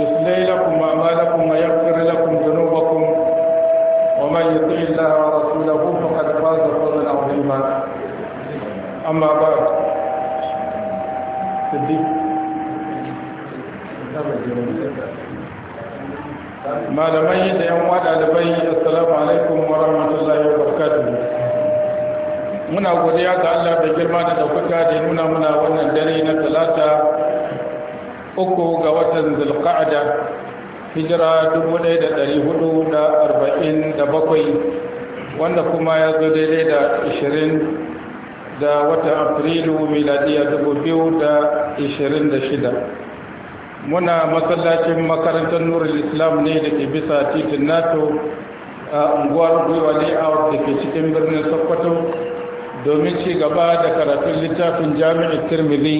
يصلي لكم أعمالكم ويغفر لكم ذنوبكم ومن يطع الله ورسوله فقد فاز فوزا عظيما أما بعد صديق malamai da yan wada dalibai assalamu alaikum wa rahmatullahi wa barakatuhu muna godiya ga Allah da girma da dauka da nuna muna wannan dare na talata uku ga watan zulqa'da hijira 1447 wanda kuma ya zo daidai da 20 da watan afrilu miladiya shida. muna masallacin makarantar nurul islam ne da ke bisa titin nato a unguwar gwiwa layout da ke cikin birnin sokoto domin ci gaba da karatun littafin jami'ar tirmidhi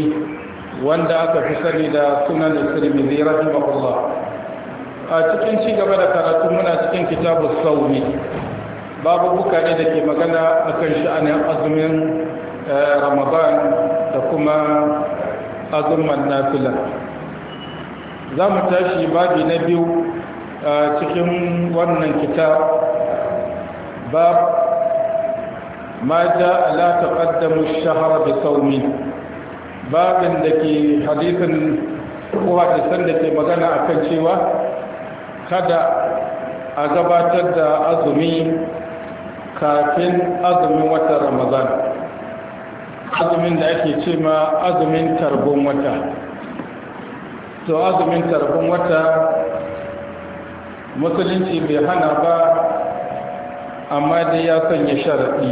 wanda aka fi sani da sunan al-tirmidhi rahimahullah a cikin ci gaba da karatu muna cikin kitabu saumi babu buka ne da ke magana akan sha'anin azumin eh, ramadan da kuma azumin nafila za mu tashi babi na biyu a cikin wannan kitab bab ma ja ala taqaddamu ash-shahra bi sawmi babin da ke hadisin kowa da sanda ke magana a kan cewa kada a gabatar da azumi kafin azumin wata ramadan azumin da ake ce ma azumin tarbon wata to azumin tarbon wata musulunci bai hana ba amma dai ya sanya sharaɗi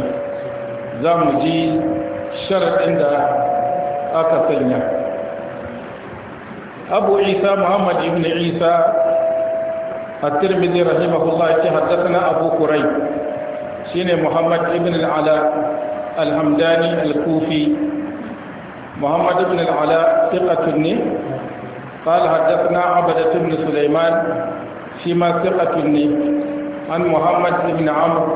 za mu ji sharaɗin da aka sanya abu isa muhammad ibn isa الترمذي رحمه الله حدثنا أبو كريب شين محمد بن العلاء kufi الكوفي محمد بن العلاء ثقة قال حدثنا عبدة بن سليمان فيما ثقة عن محمد بن عمرو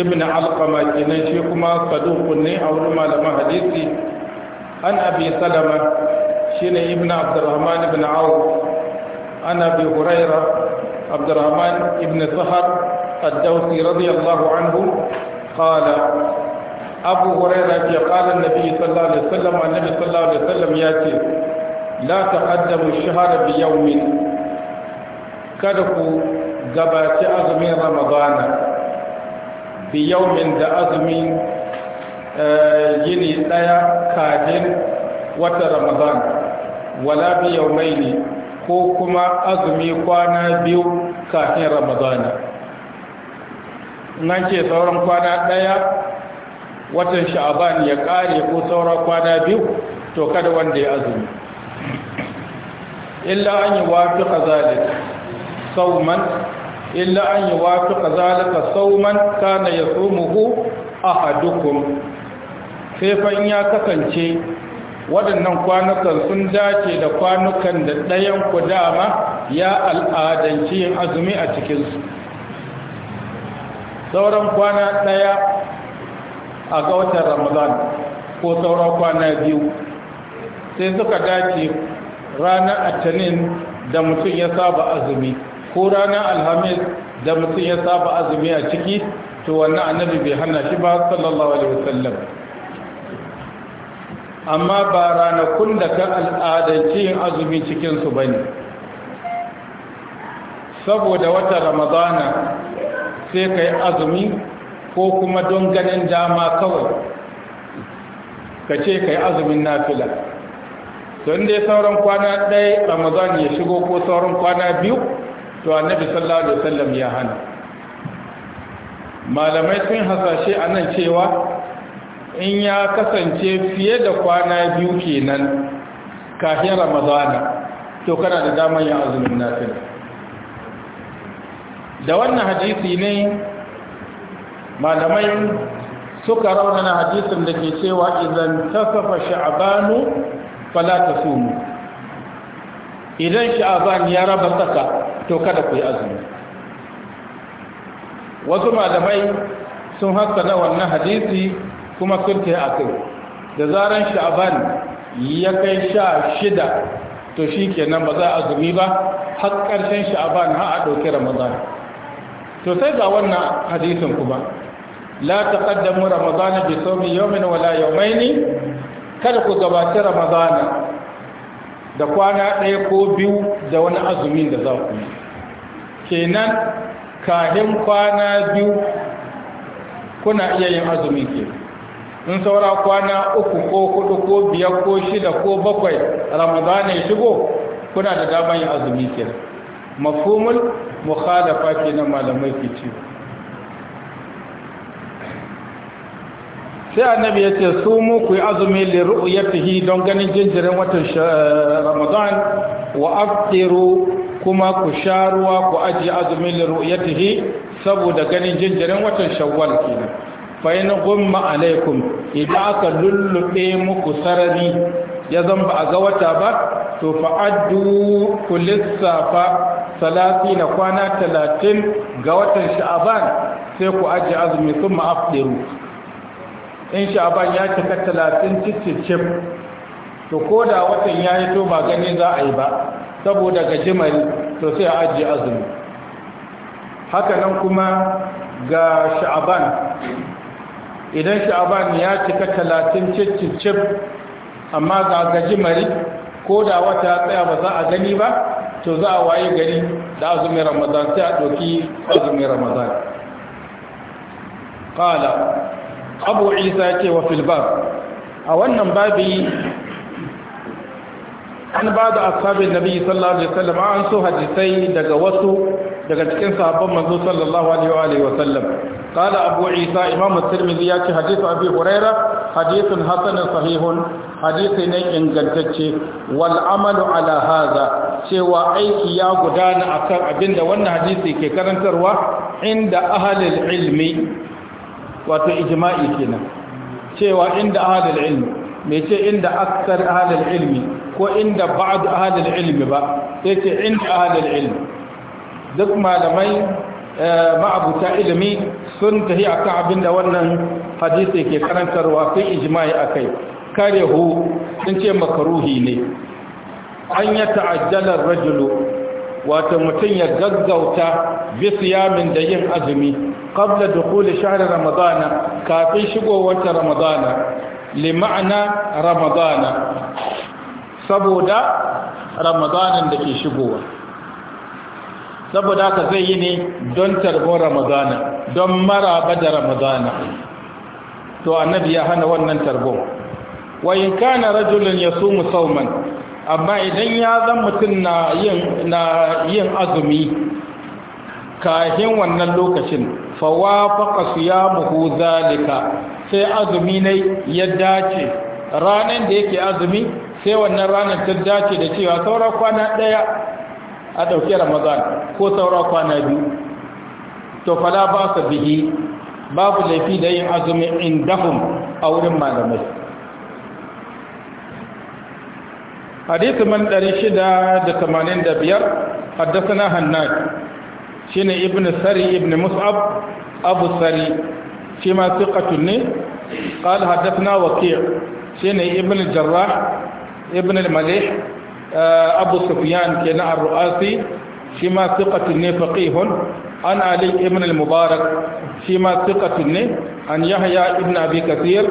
ابن علقمة إن شيخما صدوق أو لما لما حديثي عن أبي سلمة شين ابن عبد الرحمن بن عوف عن أبي هريرة عبد الرحمن بن سهر الدوسي رضي الله عنه قال أبو هريرة قال النبي صلى الله عليه وسلم النبي صلى الله عليه وسلم يأتي لا تقدم الشهر بيوم كدف قبات أزمين رمضان بيوم ذا أزمين yini eh, ɗaya kafin wata ramadan wala bi yaumaini ko kuma azumi kwana biyu kafin ramadana nan ce sauran kwana ɗaya watan sha'aban ya kare ko sauran kwana biyu to kada wanda ya azumi illa an yi wafi kazalika sauman illa an yi wafi kazalika sauman kana ya tsumuhu ahadukum sai fan ya kasance waɗannan kwanukan sun dace da kwanukan da ɗayan ku dama ya al'adanci yin azumi a cikinsu sauran kwana ɗaya a gautar watan ramadan ko sauran kwana biyu sai suka dace ranar atanin da mutum ya saba azumi ko ranar alhamis da mutum ya saba azumi a ciki to wannan annabi bai hana shi ba sallallahu alaihi wasallam amma ba ranakun da ka al'adance yin azumi cikinsu ba ne saboda wata ramadana sai ka yi azumi ko kuma don ganin dama kawai ka ce ka yi azumin nafila don dai sauran kwana ɗaya ramadan ya shigo ko sauran kwana biyu to annabi sallallahu alaihi wasallam ya hana malamai sun hasashe a nan cewa in ya kasance fiye da kwana biyu kenan kafin ramadana to kana da damar yin azumin nafila da wannan hadisi ne malamai suka raunana hadisin da ke cewa idan tasafa sha'abanu fala tasumu idan sha'aban ya raba tsaka to kada ku yi azumi wasu malamai sun hassana wannan hadisi kuma sun a kai da zaran sha'aban ya kai sha shida to shi kenan ba za a azumi ba har ƙarshen sha'aban har a ɗauki ramadan to sai ga wannan hadisin kuma la ƙaddamu ramadan bi sawmi yawmin wala yawmayn kada ku gabatar ramadan da kwana ɗaya ko biyu da wani azumin da za ku yi kenan kahin kwana biyu kuna iya yin azumi ke in saura kwana uku ko hudu ko biyar ko shida ko bakwai ramadana ya shigo kuna da damar yin azumi ke Mafumul mukhalafa ke na malamai ke ci sai annabi ya ce su mu ku yi azumi ya ru'yatihi don ganin jinjirin watan eh, ramadan wa aftiru kuma ku sha ruwa ku ajiye azumin ya ru'yatihi saboda ganin jinjirin watan shawwal kenan fain gumma alaikum idan aka lullube muku sarari ya zamba ba a ga wata ba to fa'addu ku lissafa salati na kwana talatin ga watan sha'aban sai ku aji azumi sun ma'afdiru in sha'aban ya cika talatin cicicif to ko da watan ya yi to ba gani za a yi ba saboda gajimari to sai a aji azumi hakanan kuma ga sha'aban idan sha'aban ya cika talatin cicicif amma ga gaji mari ko da wata tsaya ba za a gani ba to za a waye gari da azumin ramadan sai a ɗauki azumin ramadan ƙala abu isa ce wa filbar a wannan babi an ba da asabin nabi sallallahu alaihi wasallam an so hadisai daga wasu daga cikin sahabban manzo sallallahu alaihi wa sallam qala abu isa imam at-tirmidhi ya ce hadithu abi huraira hadithun hasan sahihun hadisi ne ingantacce wal amalu ala hadha cewa aiki ya gudana akan abinda wannan hadisi ke karantarwa inda ahlul ilmi wato ijma'i kenan cewa inda ahlul ilmi me ce inda aksar ahlul ilmi ko inda ba'd ahlul ilmi ba sai ce inda ahlul ilmi duk malamai eh, ma'abuta ilimi sun tafi akan abin da wannan hadisi ke karantarwa sun ijma'i akai hu sun ce makaruhi ne an yi ta'ajjalar rajulu wata mutum ya gaggauta min da yin azumi da dukhuli shahr ramadana kafin shigowar ramadana li ma'ana ramadana saboda ramadanan da ke shigowa saboda haka zai yi ne don tarbon ramadana don maraba da ramadana to annabi ya hana wannan tarbo wa in kana rajulun yasumu sauman amma idan ya zan mutum na yin azumi kafin wannan lokacin fa wafaqa siyamuhu zalika sai azumi ne ya dace ranan da yake azumi sai wannan ranar ta dace da cewa saura kwana ɗaya. a ɗauki ramadan ko saura kwana biyu to fala ba su bihi babu laifi da yin azumi indahum a wurin malamai hadisi man 685 حدثنا هناد شين ابن سري ابن مصعب أبو سري فيما ثقة قال حدثنا وكيع شين Ibn الجراح Ibn المليح abu sufyan ke na arru'asi shi ma siƙatun ne faƙihun an ali ibn al-mubarak shi ma siƙatun ne an yahya ibn abi kasir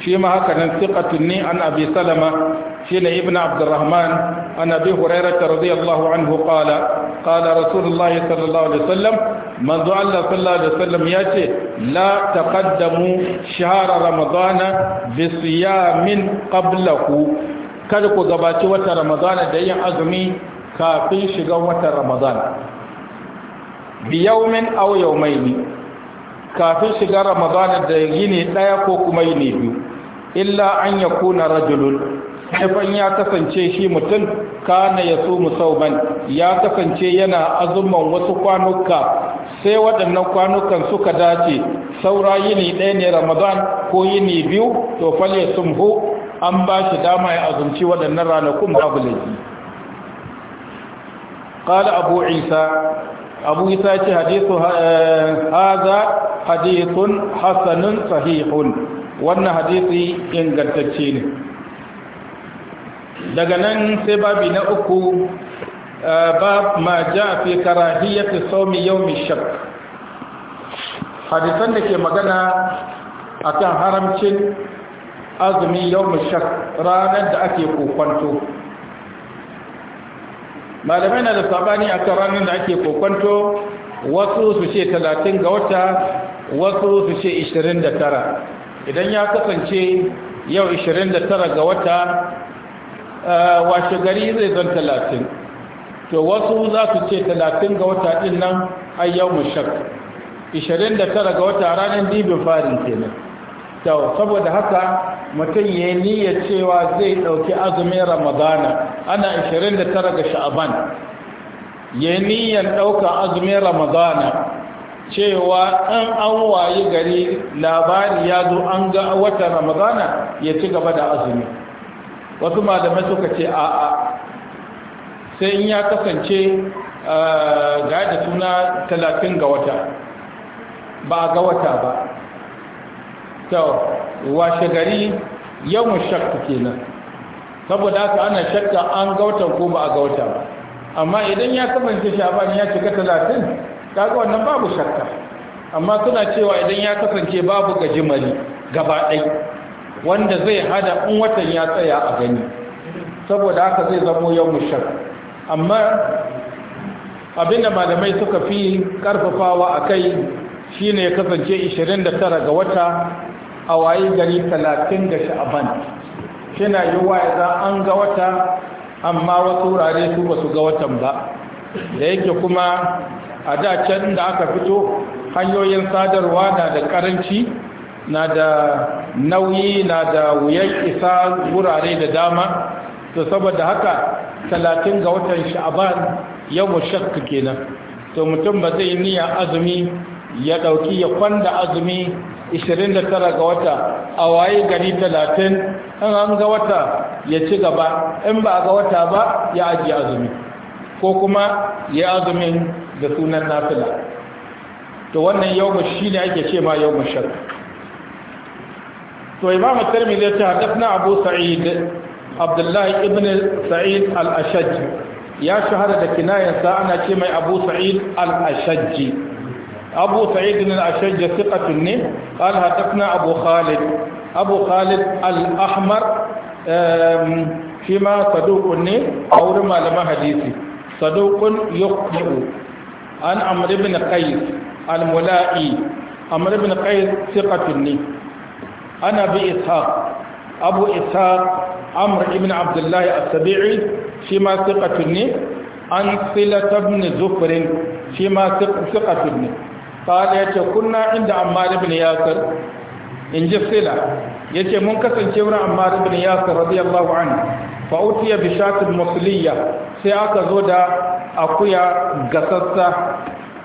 shi ma haka nan siƙatun ne an abi salama shi ne ibn abdurrahman an abi hurairah radiyallahu anhu qala قال رسول الله صلى الله عليه وسلم منذ الله صلى الله عليه وسلم ياتي لا تقدموا شهر رمضان بصيام kada ku gabaci wata ramadana da yin azumi kafin shiga wata ramadana biyaumin aw yawmaini kafin shiga ramadana da yini daya ko kuma yini biyu illa an yakuna rajulun haifan ya kasance shi mutum kana ya so musauman ya kasance yana azumman wasu kwanuka sai waɗannan kwanukan suka dace saura yini ɗaya ne ramadan ko yini biyu to falle sumhu an ba shi dama ya azumci waɗannan ranakun babu laifi ƙada abu isa abu isa ce hadisun eh, haza hadisun hasanun sahihun wannan hadisi ingantacce ne daga nan sai babi na uku eh, ba ma ja a fi karahiyar ta saumi shak. hadisan da ke magana a kan haramcin azumi yawon shak ranar da ake kokwanto malamai na da sabani a kan ranar da ake kokwanto wasu su ce 30 ga wata wasu su ce 29 idan ya kasance yau 29 ga wata eh, washe gari zai zan 30 to wasu za su ce 30 ga wata din nan ayyau mashak 29 ga wata ranar dibin farin kenan kyau saboda haka mutum ya yi niyya cewa zai ɗauki azumin ramadana ana 29 ga sha'aban ya yi ɗaukan ɗauka azumin ramadana cewa an an wayi gari labari ya zo an ga watan ramadana ya ci gaba da azumi wasu malamai suka ce a'a sai in ya kasance eh, ga da suna 30 ga wata ba ga wata ba to washe gari yawon shakka kenan saboda haka ana shakka an gauta ko ba a gauta amma idan ya kasance shaban ya cika talatin kaga wannan babu shakka amma suna cewa idan ya kasance babu gajimari gaba wanda zai hada in watan ya tsaya a gani saboda haka zai zamo yawon shakka amma abinda malamai suka fi karfafawa a kai shi ne ya kasance 29 ga wata a wayi gari 30 ga sha'aban shina yi wa an ga wata amma wasu wurare su ba su ga watan ba da yake kuma a da can da aka fito hanyoyin sadarwa na da karanci na da nauyi na da wuyan isa wurare da dama to saboda haka 30 ga watan sha'aban yau shakka kenan to mutum ba zai yi niyyar azumi ya ɗauki ya kwanda azumi 29 ga wata a waye gari 30 in an ga wata ya ci gaba in ba ga wata ba ya ajiye azumi ko kuma ya azumin da sunan nafila to wannan yau shi ne ake ce ma yau mashar to imam tarmi zai ce haddafna abu sa'id abdullahi ibn sa'id al-ashaj ya shahara da kinayensa ana ce mai abu sa'id al-ashajji abu sa'id bin al-ashaj thiqatun ne qala hatafna abu khalid abu khalid al-ahmar fi ma saduqun ne awr malama hadisi saduqun yuqtu an amr ibn qais al-mula'i amr ibn qais thiqatun ne ana bi ishaq abu ishaq amr ibn as-sabi'i fi ma thiqatun an filat ibn zufrin fi ma thiqatun kada yace kunna inda ammar ibn yasir in ji sila yace mun kasance wurin ammar ibn yasir radiyallahu anhu fa utiya bi shatin musliya sai aka zo da akuya gasassa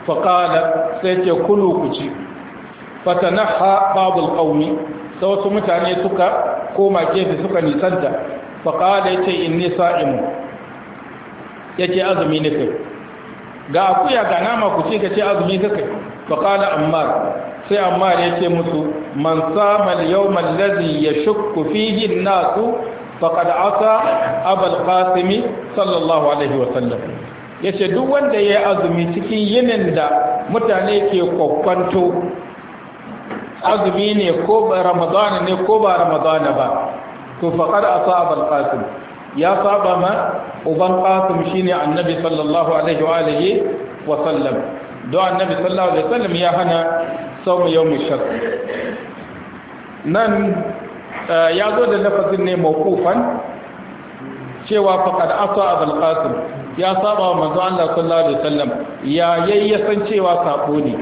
fa qala sai ce kulu ku ci fatanaha babul qaumi ta wasu mutane suka koma gefe suka nisanta fa qala yace inni sa'imu yace azumi ne kai ga akuya ga nama ku ce ka ce azumi kake faƙala ammar sai ammar ya ce musu man samal yau mallazi ya shukku yin nasu faƙada asa abal kasimi sallallahu alaihi wasallam ya ce duk wanda ya yi azumi cikin yinin da mutane ke kwakwanto azumi ne ko ramadana ne ko ba ramadana ba to faƙar asa abal kasim ya saɓa ma uban kasim shine annabi sallallahu alaihi wa sallam do annabi sallallahu alaihi wasallam ya hana sawm yawmin shar nan eh, ya zo da lafazin ne mawqufan cewa faqad asa abul qasim ya saba wa manzo Allah sallallahu alaihi wasallam ya yayi san cewa sabo ne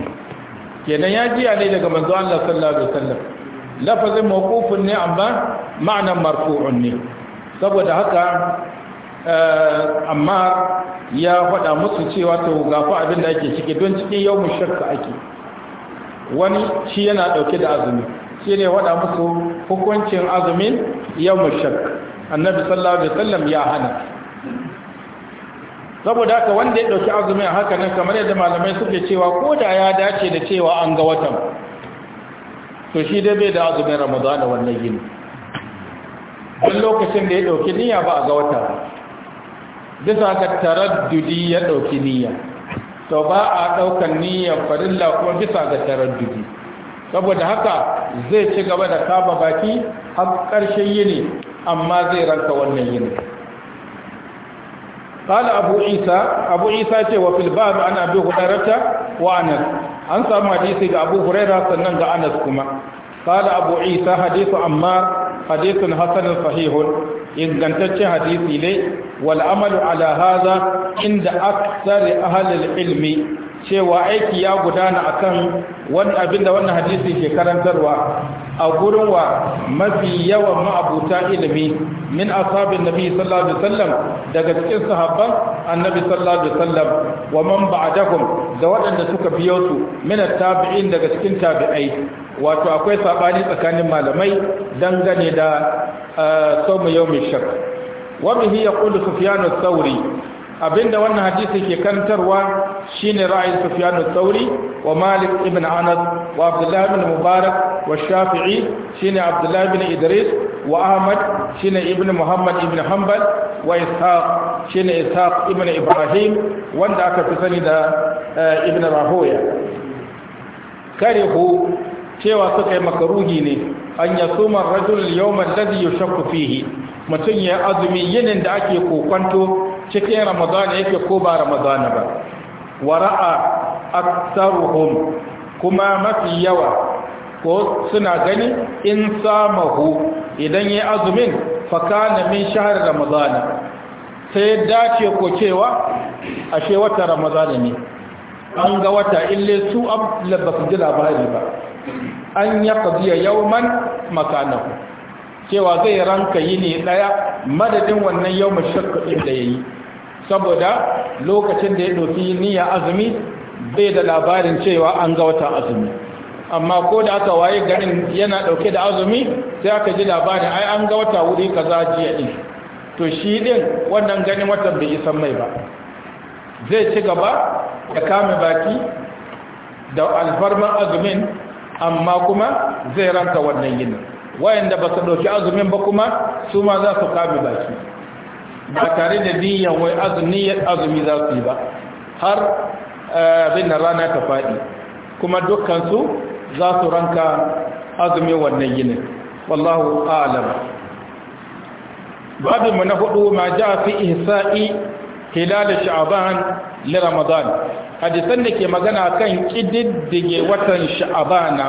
kenan ya ji ne daga manzo Allah sallallahu alaihi wasallam lafazin mawqufun ne amma ma'anan marfu'un ne saboda haka Eh, amma ya faɗa musu cewa to gafa abin da ake cike don cikin yau mu shakka ake wani shi yana ɗauke da azumi shi ne faɗa musu hukuncin azumin yau mu shakka annabi sallallahu alaihi wasallam ya hana saboda haka wanda ya ɗauki azumi a haka nan kamar yadda malamai suke cewa ko da ya dace da cewa an ga watan to shi dai bai da azumin ramadana wannan gini. don lokacin da ya ɗauki niyya ba a ga wata bisa ga taraddudi ya ɗauki niyya to ba a ɗaukan niyya farin kuma bisa ga taraddudi saboda haka zai ci gaba da kama baki har ƙarshen yini amma zai ranka wannan yini قال أبو عيسى أبو عيسى وفي الباب عن أبي هريرة وأنس أنسى حديث أبو هريرة سنن أنس كما قال أبو عيسى حديث عمار Hadisin hasanin sahihun ingantaccen hadisi ne wal amalu ala hadha inda aksari ahlul ilmi cewa aiki ya gudana akan wannan abinda wannan hadisi ke karantarwa a gurin wa mafi yawan ma'abuta ilimi min ashabin nabi sallallahu alaihi wasallam daga cikin sahabban annabi sallallahu alaihi wasallam wa man ba'dahum da waɗanda suka biyo su min tabi'in daga cikin tabi'ai wato akwai sabani tsakanin malamai dangane da eh, saumu yawmin shak wa bihi yaqulu sufyan ath-thawri abinda wannan hadisi ke kantarwa shine ra'ayin Sufyan al-Thawri wa Malik ibn Anas wa Abdullah ibn Mubarak wa Shafi'i shine Abdullah ibn Idris wa Ahmad shine ibn Muhammad ibn Hanbal wa Ishaq shine Ishaq ibn Ibrahim wanda aka fi sani da eh, ibn Rahoya karihu cewa suka yi makaruhi ne an yasuma rajul yawman ladhi yashakku fihi mutum ya azumi yinin da ake kokwanto cikin ramadana yake ko ba ramadana ba wara'a aktaruhum kuma mafi yawa ko suna gani in samahu idan yayi azumin kana min shahar ramadana sai dace ko cewa ashe wata ramadana ne an ga wata ille su ab labbasu ji labari ba an yaqdi yawman yauman makanahu cewa zai ranka yi ne ɗaya madadin wannan yau mashakka ɗin da ya yi saboda lokacin da ya ɗauki niyya azumi bai da labarin cewa an ga wata azumi amma ko da aka waye garin yana ɗauke da azumi sai aka ji labarin ai an ga wata wuri kaza jiya ɗin to shi ɗin wannan ganin watan bai yi san mai ba zai ci gaba da kame baki da alfarman azumin amma kuma zai ranka wannan yinin wayanda ba su ɗauki azumin ba kuma su ma za su kame baki ba tare da niyan wai azumi za su yi ba har eh, abin rana ta faɗi kuma dukkansu za su ranka azumin wannan ginin wallahu alam babinmu na hudu ma ja fi ihsa'i hilal sha'ban li ramadan hadisan da ke magana kan kididdige watan sha'bana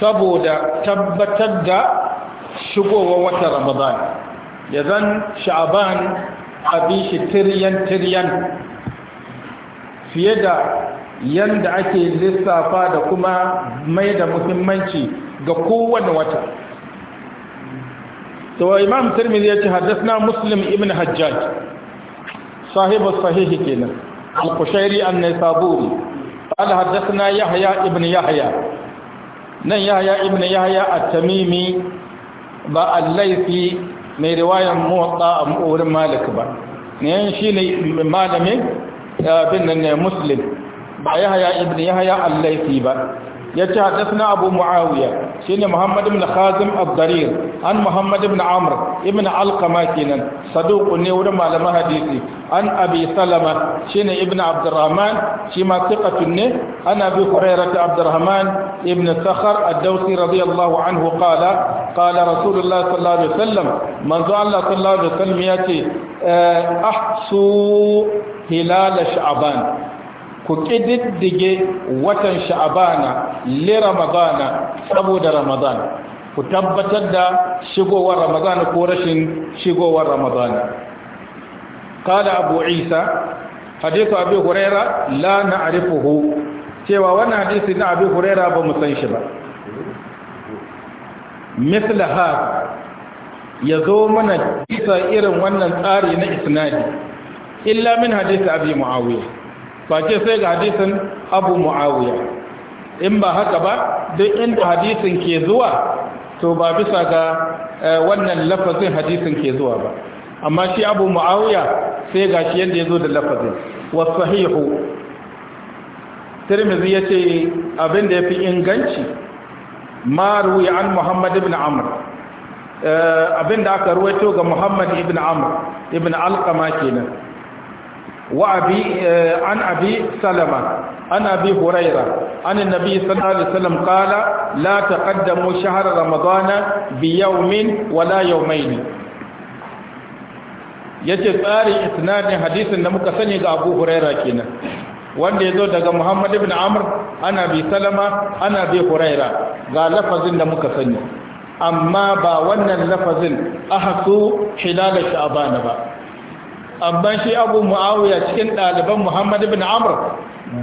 saboda tabbatar da shigowa wata ramadan ya zan sha'aban abin shi tiryan-tiryan fiye da yadda ake lissafa da kuma mai da muhimmanci ga kowane wata to imam turmiz ya ce na muslim ibn hajjaj sahibu sahihi kenan al kushairi an-naysaburi قال na Yahaya Ibn Yahaya. nan yahaya ibn yahya at-tamimi ba al-laifi mai riwayan muwatta a wurin malik ba ne shi ne malamin eh, bin nan ne muslim ba yahaya ibn yahya al-laifi ba ya ce haddasa abu mu'awiya shi ne muhammad ibn khazim abdarir an muhammad ibn amr ibn alkama kenan saduku ne wurin malaman hadisi an abi salama shi ne ibn abdurrahman shi ma sikatun ne an abi hurairata abdurrahman ibn sakhar addausi radiyallahu anhu qala qala rasulullah sallallahu alaihi wasallam manzo allah sallallahu alaihi wasallam ya ce eh, ahsu hilal sha'ban ku ƙididdige watan sha'abana li ramadana saboda ramadana ku tabbatar da shigowar ramadana ko rashin shigowar ramadana kada abu isa hadithu abi huraira la na'rifuhu cewa wannan hadisi na abi huraira ba mu san shi ba Mislaha ha ya zo mana isa irin wannan tsari na isnadi illa min hadisi abi muawiya face sai ga hadisin abu mu'awiya in ba haka ba duk inda hadisin ke zuwa to ba bisa ga eh, wannan lafazin hadisin ke zuwa ba amma shi abu mu'awiya sai ga shi yadda ya zo da lafazin wasahihu tirmizi ya ce abin da ya fi inganci ma an muhammad ibn amr eh, abin da aka ruwaito ga muhammad ibn amr ibn alkama kenan وأبي عن أبي سلمة عن أبي هريرة عن النبي صلى الله عليه وسلم قال لا تقدموا شهر رمضان بيوم ولا يومين yace tsarin isnadin hadisin da muka sani ga Abu Huraira kenan wanda yazo daga Muhammad ibn Amr ana bi Salama ana bi Huraira ga lafazin da muka sani amma ba wannan lafazin ahsu hilal sha'abana ba amma shi abu muawiya cikin ɗaliban muhammad ibn amr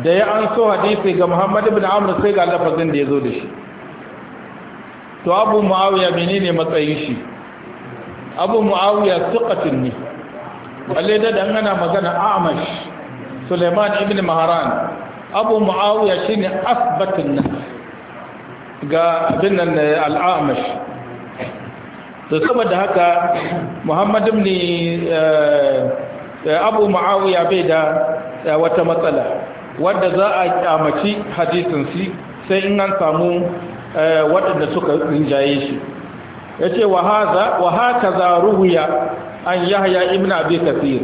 da ya an so hadisi ga muhammad ibn amr sai ga lafazin da ya zo da shi to abu muawiya menene matsayin shi abu muawiya suqatun ne balle da dan ana magana amash suleiman ibn maharan abu muawiya shine asbatun nan. ga abin nan eh, al-amash to saboda haka muhammadu ne eh, abu ma'awiya bai da eh, wata matsala wadda za a kyamaci hadisinsu sai in an samu eh, waɗanda suka rinjaye shi ya ce wa haka za ruhuya an yahya ibn abi kasir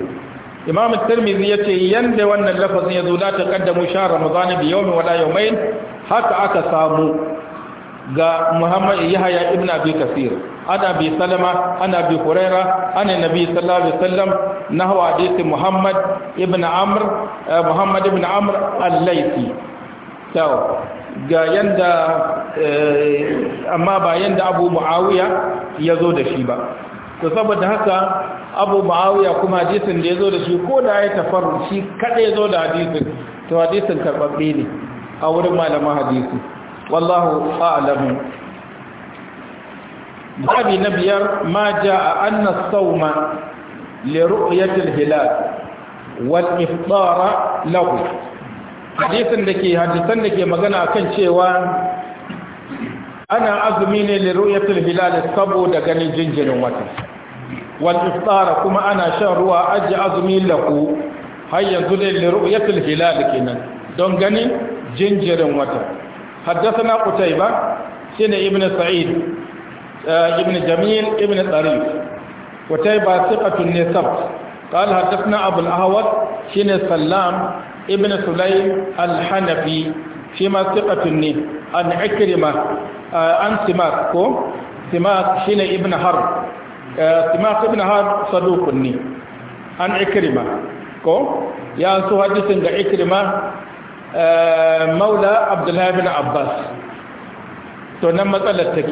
imam tirmizi ya ce yadda wannan lafazin ya zo la taqaddamu shahr ramadan bi wada wala mai haka aka samu ga Muhammad Yahya ibn Abi kasir ana bi Salama ana bi Huraira ana Nabi sallallahu alaihi wasallam nahwa hadith Muhammad ibn Amr eh, Muhammad ibn Amr al-Laythi to ga yanda eh, amma ba yanda Abu Muawiya yazo da shi ba to saboda haka Abu Muawiya kuma hadisin da yazo da shi ko da ya tafarru shi kada yazo da hadisin to hadisin karbabbe ne a wurin malaman hadisi wallahu a'lamu babi na biyar Maja a anna sawma li ru'yati al-hilal wal iftara hadisin da ke hadisan da ke magana akan cewa ana azumi ne li ru'yatil saboda ganin jinjirin wata wal iftara kuma ana shan ruwa aji azumi lahu har yanzu ne li ru'yatil kenan don ganin jinjirin wata حدثنا قتيبة سنة ابن سعيد ابن جميل ابن طريف قتيبة ثقة النسب قال حدثنا أبو الأهوت سنة سلام ابن سليم الحنفي فيما ثقة النسب أن عكرمة أن سماك سماك سنة ابن حرب سماك ابن حرب صدوق النسب عن عكرمة ko ya su hadisin da ikrima Eh, maula abdullahi bin abbas to nan matsalar take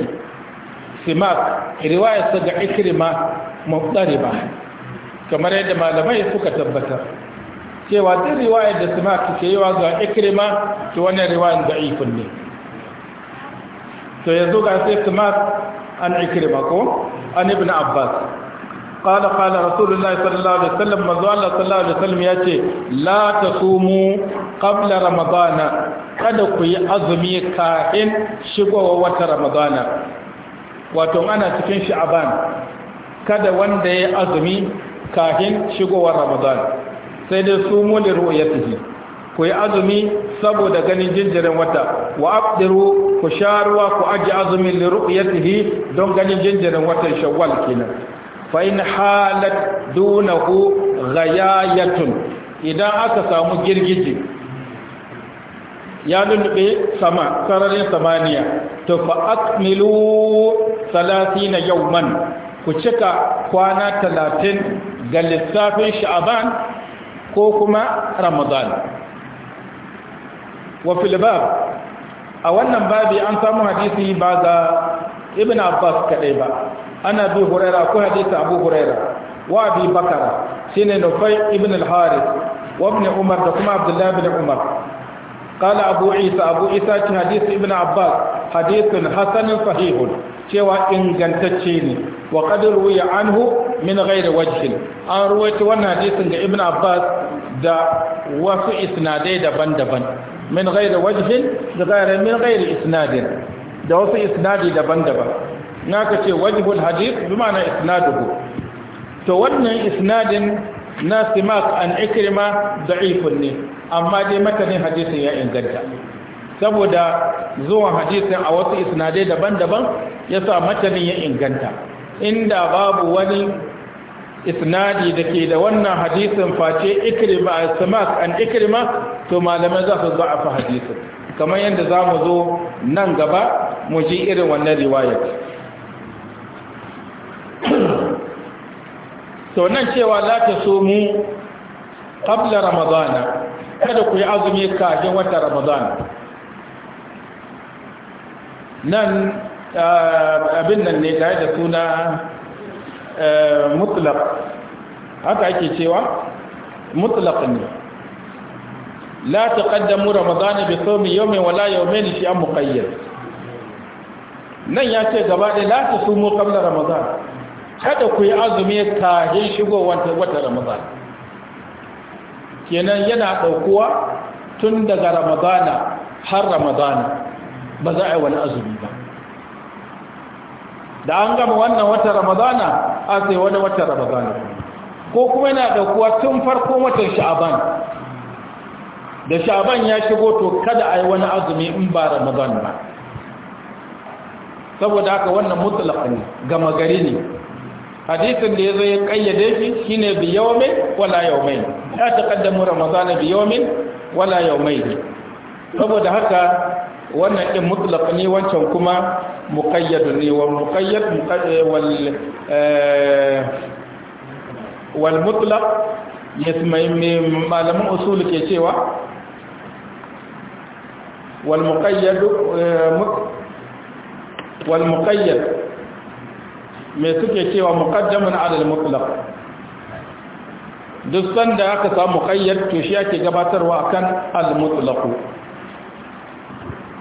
simak riwayarsa ga ikirma mafdari ba kamar yadda malamai suka tabbatar cewa duk riwayar da simak ke wa ga ikirma to wannan riwayar da ikon ne to yanzu ga sai simak an ikirma ko an ibn abbas قال قال رسول الله صلى الله عليه وسلم منذ الله صلى الله عليه kada ku yi azumi ka'in shigowa wata ramadana wato ana cikin sha'aban kada wanda ya azumi kafin shigowar ramadan sai dai su muli ru'yatihi ku yi azumi saboda ganin jinjirin wata wa abdiru ku sharuwa ku aji azumin li ru'yatihi don ganin jinjirin watan shawwal kenan fa'in halat dunahu ghayayatun idan aka samu girgije ya lullube sama sararin samaniya to fa akmilu salatina yawman ku cika kwana talatin ga lissafin sha'aban ko kuma ramadan wa fil bab a wannan babi an samu hadisi ba ga ibn abbas kadai ba ana bi huraira ko hadisi abu huraira wa abi bakara shine nufai ibn al wa ibn umar da kuma abdullah ibn umar qala abu isa abu isa ci hadisi ibn abbas hadithun hasanun sahihun cewa ingantacce ne wa qad ya anhu min ghairi wajhin an ruwaita wannan hadisin ga ibn abbas da wasu isnadai daban-daban min ghairi wajhin da ghairi min ghairi isnadin da wasu isnadi daban-daban na ka ce wajibul hadith zuma na isnaduhu to wannan isnadin na simak an ikrima da'ifun ne amma dai matanin hadisin ya inganta saboda zuwan hadisin a wasu isnadai daban-daban ya sa matanin ya inganta inda babu wani isnadi da ke da wannan hadisin face ikrima simak an ikirma to malamai za su za'afa hadisin kamar yadda za mu zo nan gaba mu ji irin wannan riwaya to nan cewa za ta so mu ƙabla ramadana kada ku yi azumi kafin wata ramadana nan ah, abin nan ne ta da suna eh, mutlaq haka ake cewa mutlaq ne la taqaddamu ramadana bi sawmi yawmin wala yawmayn shi an muqayyad nan ya ce gaba da la tasumu qabla ramadan kada ku yi azumi kafin shigowar wata ramadan kenan yana ɗaukuwa tun daga ramadana har ramadana ba za a yi wani azumi ba da an gama wannan wata ramadana a sai wani wata ramadana ko kuma yana ɗaukuwa tun farkon watan sha'aban da sha'ban ya shigo to kada a yi wani azumi in ba ramadan ba saboda haka wannan mutlaq ne gama gari ne hadisin da ya zai kayyade shi shine bi yawmin wala yawmain la taqaddamu ramadan bi yawmin wala ne saboda haka wannan din mutlaq ne wancan kuma muqayyad ne wa muqayyad eh, wal eh, wal mutlaq yasmai malamin usul ke cewa والمقيد والمقيد mai suke cewa muqaddamun ala al-mutlaq duk sanda aka samu muqayyad to shi yake gabatarwa akan al-mutlaq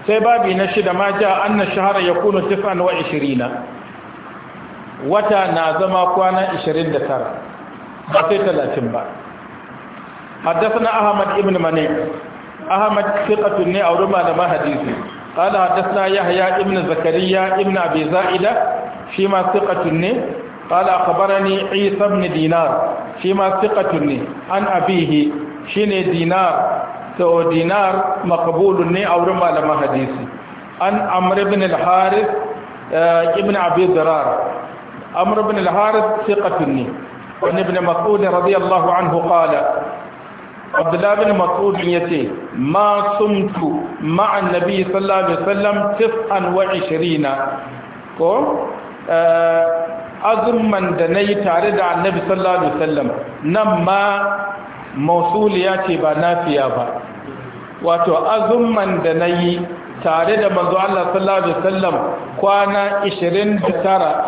sai babi na shida ma ja anna shahara yakunu 29 wata na zama kwana 29 ba sai 30 ba حدثنا Ahmad ibn منيع أحمد ثقة ne a wurin malaman hadisi قال حدثنا يحيى ابن زكريا ابن أبي زائدة فيما ثقة قال أخبرني عيسى بن دينار فيما ثقة عن أبيه شين دينار تو دينار مقبول أو رمى لما حديثي عن أمر بن الحارث آه، ابن أبي ذرار أمر بن الحارث ثقة عن ابن مسعود رضي الله عنه قال abdullahi bin mas'ud ya ce ma sumtu ma'an nabi sallallahu alaihi wasallam tis'an wa ishirina ko eh, azumman da na yi tare da annabi sallallahu alaihi wasallam nan ma mausuliya ce ba nafiya ba wato azumman da na yi tare da manzo Allah sallallahu alaihi wasallam kwana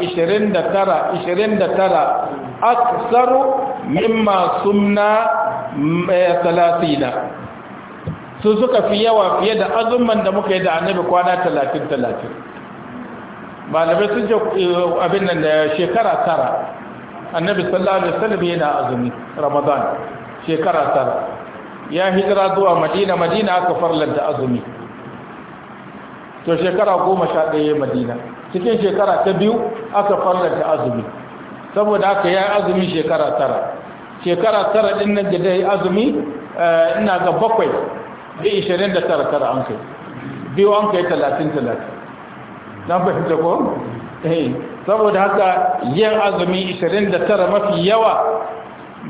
ishirin da tara aksaru mimma sumna na su suka fi yawa fiye da azumman da muka yi da annabi kwana talatin talatin malamai sun ce eh, abin nan da shekara tara annabi sallallahu alaihi wasallam yana azumi ramadan shekara tara ya hijira zuwa madina madina aka farlanta azumi to shekara goma sha ɗaya madina cikin shekara ta biyu aka farlanta azumi saboda aka yi azumi shekara tara shekara tara ɗin nan da dai azumi eh, ina ga bakwai da ishirin da tara tara an kai biyu an kai talatin talatin na fahimta ko? Eh, saboda haka yin azumi ishirin da tara mafi yawa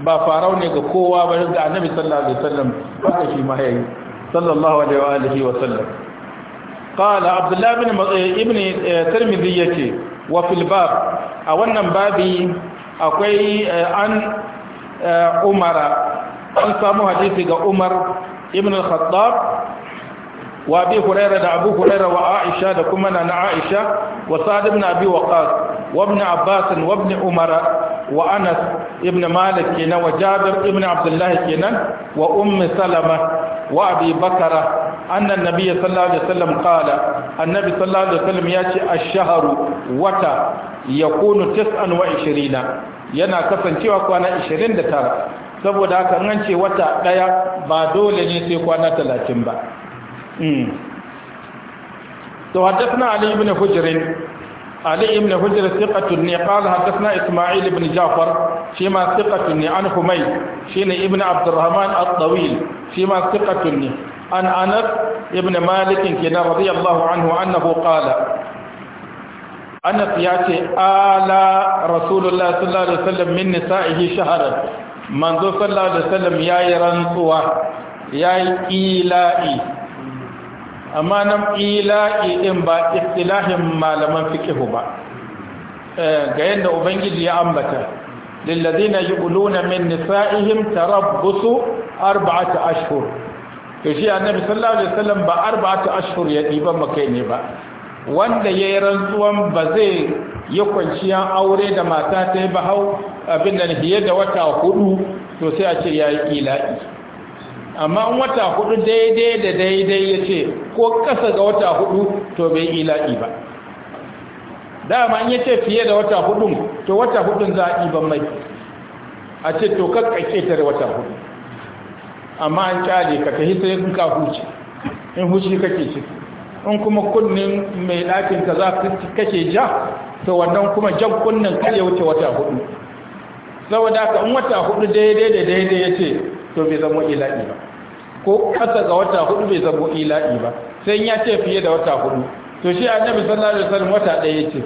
ba farau ne ga kowa ba ga annabi sallallahu alaihi wasallam ka shi ma yayi sallallahu alaihi wa wa sallam qala abdullah ibn eh, ibn tirmidhi yace wa fil bab a wannan babi akwai an umara an samu hadisi ga umar ibn al-khattab wa abi hurairah da abu hurairah wa aisha da kuma na aisha wa sa'd ibn abi waqas wa ibn abbas wa ibn umar wa anas ibn malik kenan wa jabir ibn abdullah kenan wa umm salama wa abi bakara anna nabiy sallallahu alaihi wasallam qala annabi sallallahu alaihi wasallam yace ash-shahru wata yakunu 29 yana kasancewa kwana tara saboda haka ngance wata ɗaya ba dole ne sai kwana talatin ba hmm. to hadathna ali ibn hujr ali ibn hujr thiqatu ni qala hadathna isma'il ibn ja'far shi ma thiqatu ni an shi ne ibn abdurrahman at-tawil shi ma thiqatu ni an anas ibn malik kina radiyallahu anhu annahu qala anas ya ce ala rasulullah sallallahu alaihi wasallam min nisa'ihi shaharan manzo sallallahu alaihi wasallam yayi rantsuwa yayi ila'i amma nan ila'i din ba istilahin malaman fiqh ba eh, ga yadda ubangiji ya ambata lillazina yuquluna min nisa'ihim tarabbusu arba'ata ashhur to shi annabi sallallahu alaihi wasallam ba arba'ata ashhur ya diba makai ne ba wanda ya yi rantsuwan ba zai yi kwanciyar aure da mata ta yi bahau abin da fiye da wata hudu to sai a ce ya yi ila'i amma in wata hudu daidai da daidai ya ce ko kasa ga wata hudu to bai ila'i ba dama in ya ce fiye da wata hudun to wata hudun za a ban mai a ce to kakka ketare wata hudu amma an kyale ka ka hita yin ka huce in huce kake ciki in kuma kunnin mai ɗakin ka za ka kashe ja to wannan kuma jan kunnin kai ya wuce wata hudu saboda haka in wata hudu daidai da daidai ya ce to bai zama ila'i ba ko kasa ga wata hudu bai zama ila'i ba sai ya ce fiye da wata hudu to shi annabi sallallahu alaihi wata ɗaya ya ce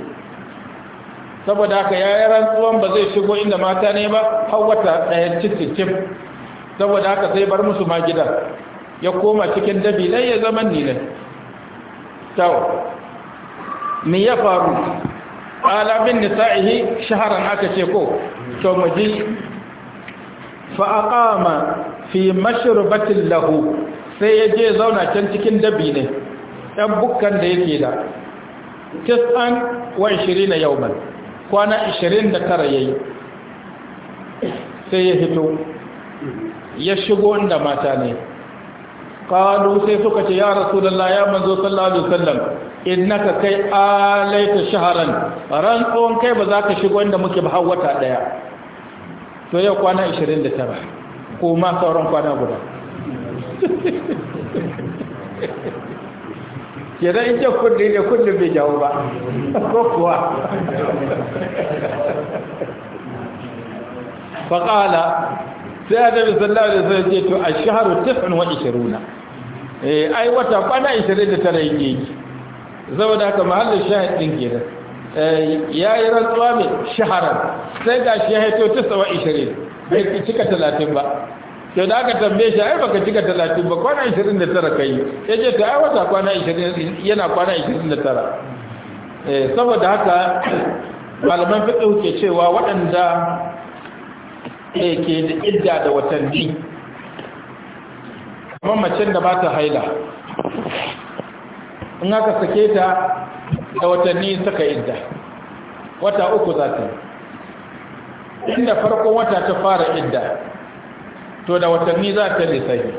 saboda haka ya yi rantsuwan ba zai shigo inda mata ne ba har wata ɗaya cikin saboda haka sai bar musu ma gida ya koma cikin dabi ya zaman nilai tawo me ya faru ala bin nisa'ihi shaharan aka ce ko to maji fa aqama fi mashrubatin lahu sai ya je zauna can cikin dabi ne ɗan bukkan da yake da tis'an wa 20 yawman kwana 29 yayi sai ya hito ya shigo inda mata ne qalu sai suka ce ya rasulullahi ya manzo sallallahu alaihi wasallam innaka kai alaita shaharan ran tsohon kai ba za ka shigo inda muke ba har wata daya to yau kwana 29 ko ma sauran kwana guda ke da ita kudi ne kudi bai jawo ba ko kuwa faƙala sai a dabi sallallahu alaihi wasallam ce to a shaharu 29 eh ai wata kwana 29 yake yi saboda haka mahallin shahid din kenan eh, ya yi rantsuwa mai shahara. sai ga shi ya haito ta sawa 20 bai cika 30 ba to da aka tambaye shi ai baka cika 30 ba kwana 29 kai ya ce ta ai wata kwana 20 yana kwana 29 tara. Eh, saboda haka malaman fiqh ke cewa waɗanda eh, ke da idda da watanni kamar macen da ba ta haila in aka sake ta da watanni suka idda wata uku za ta inda farkon wata ta fara idda to da watanni za ta lissafi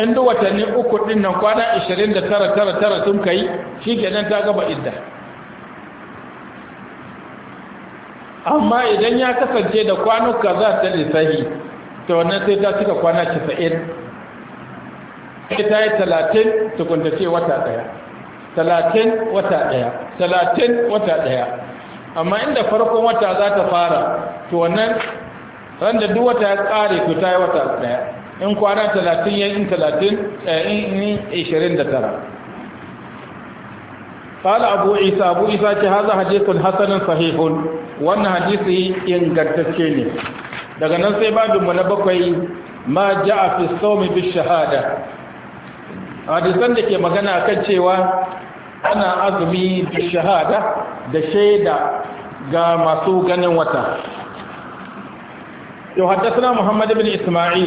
in duk watanni uku din nan kwana 29 sun kai shi nan ta gaba idda amma idan ya kasance da kwanuka za ta lissafi ta wannan sai ta cika kwana 90 sai ta yi 30 tukunta ce wata daya 30 wata daya 30 wata daya amma inda farkon wata za ta fara to wannan ran da duk wata ya kare ku ta yi wata daya in kwana 30 yayin 30 in 29 قال eh, Isa عيسى أبو عيسى هذا حديث حسن صحيح وأن حديثه ينقل ne. daga nan sai babinmu na bakwai ma ja a fi saumi bi shahada hadisan da ke magana kan cewa ana azumi bi shahada da shaida ga masu ganin wata yau haddasa muhammad ibn ismail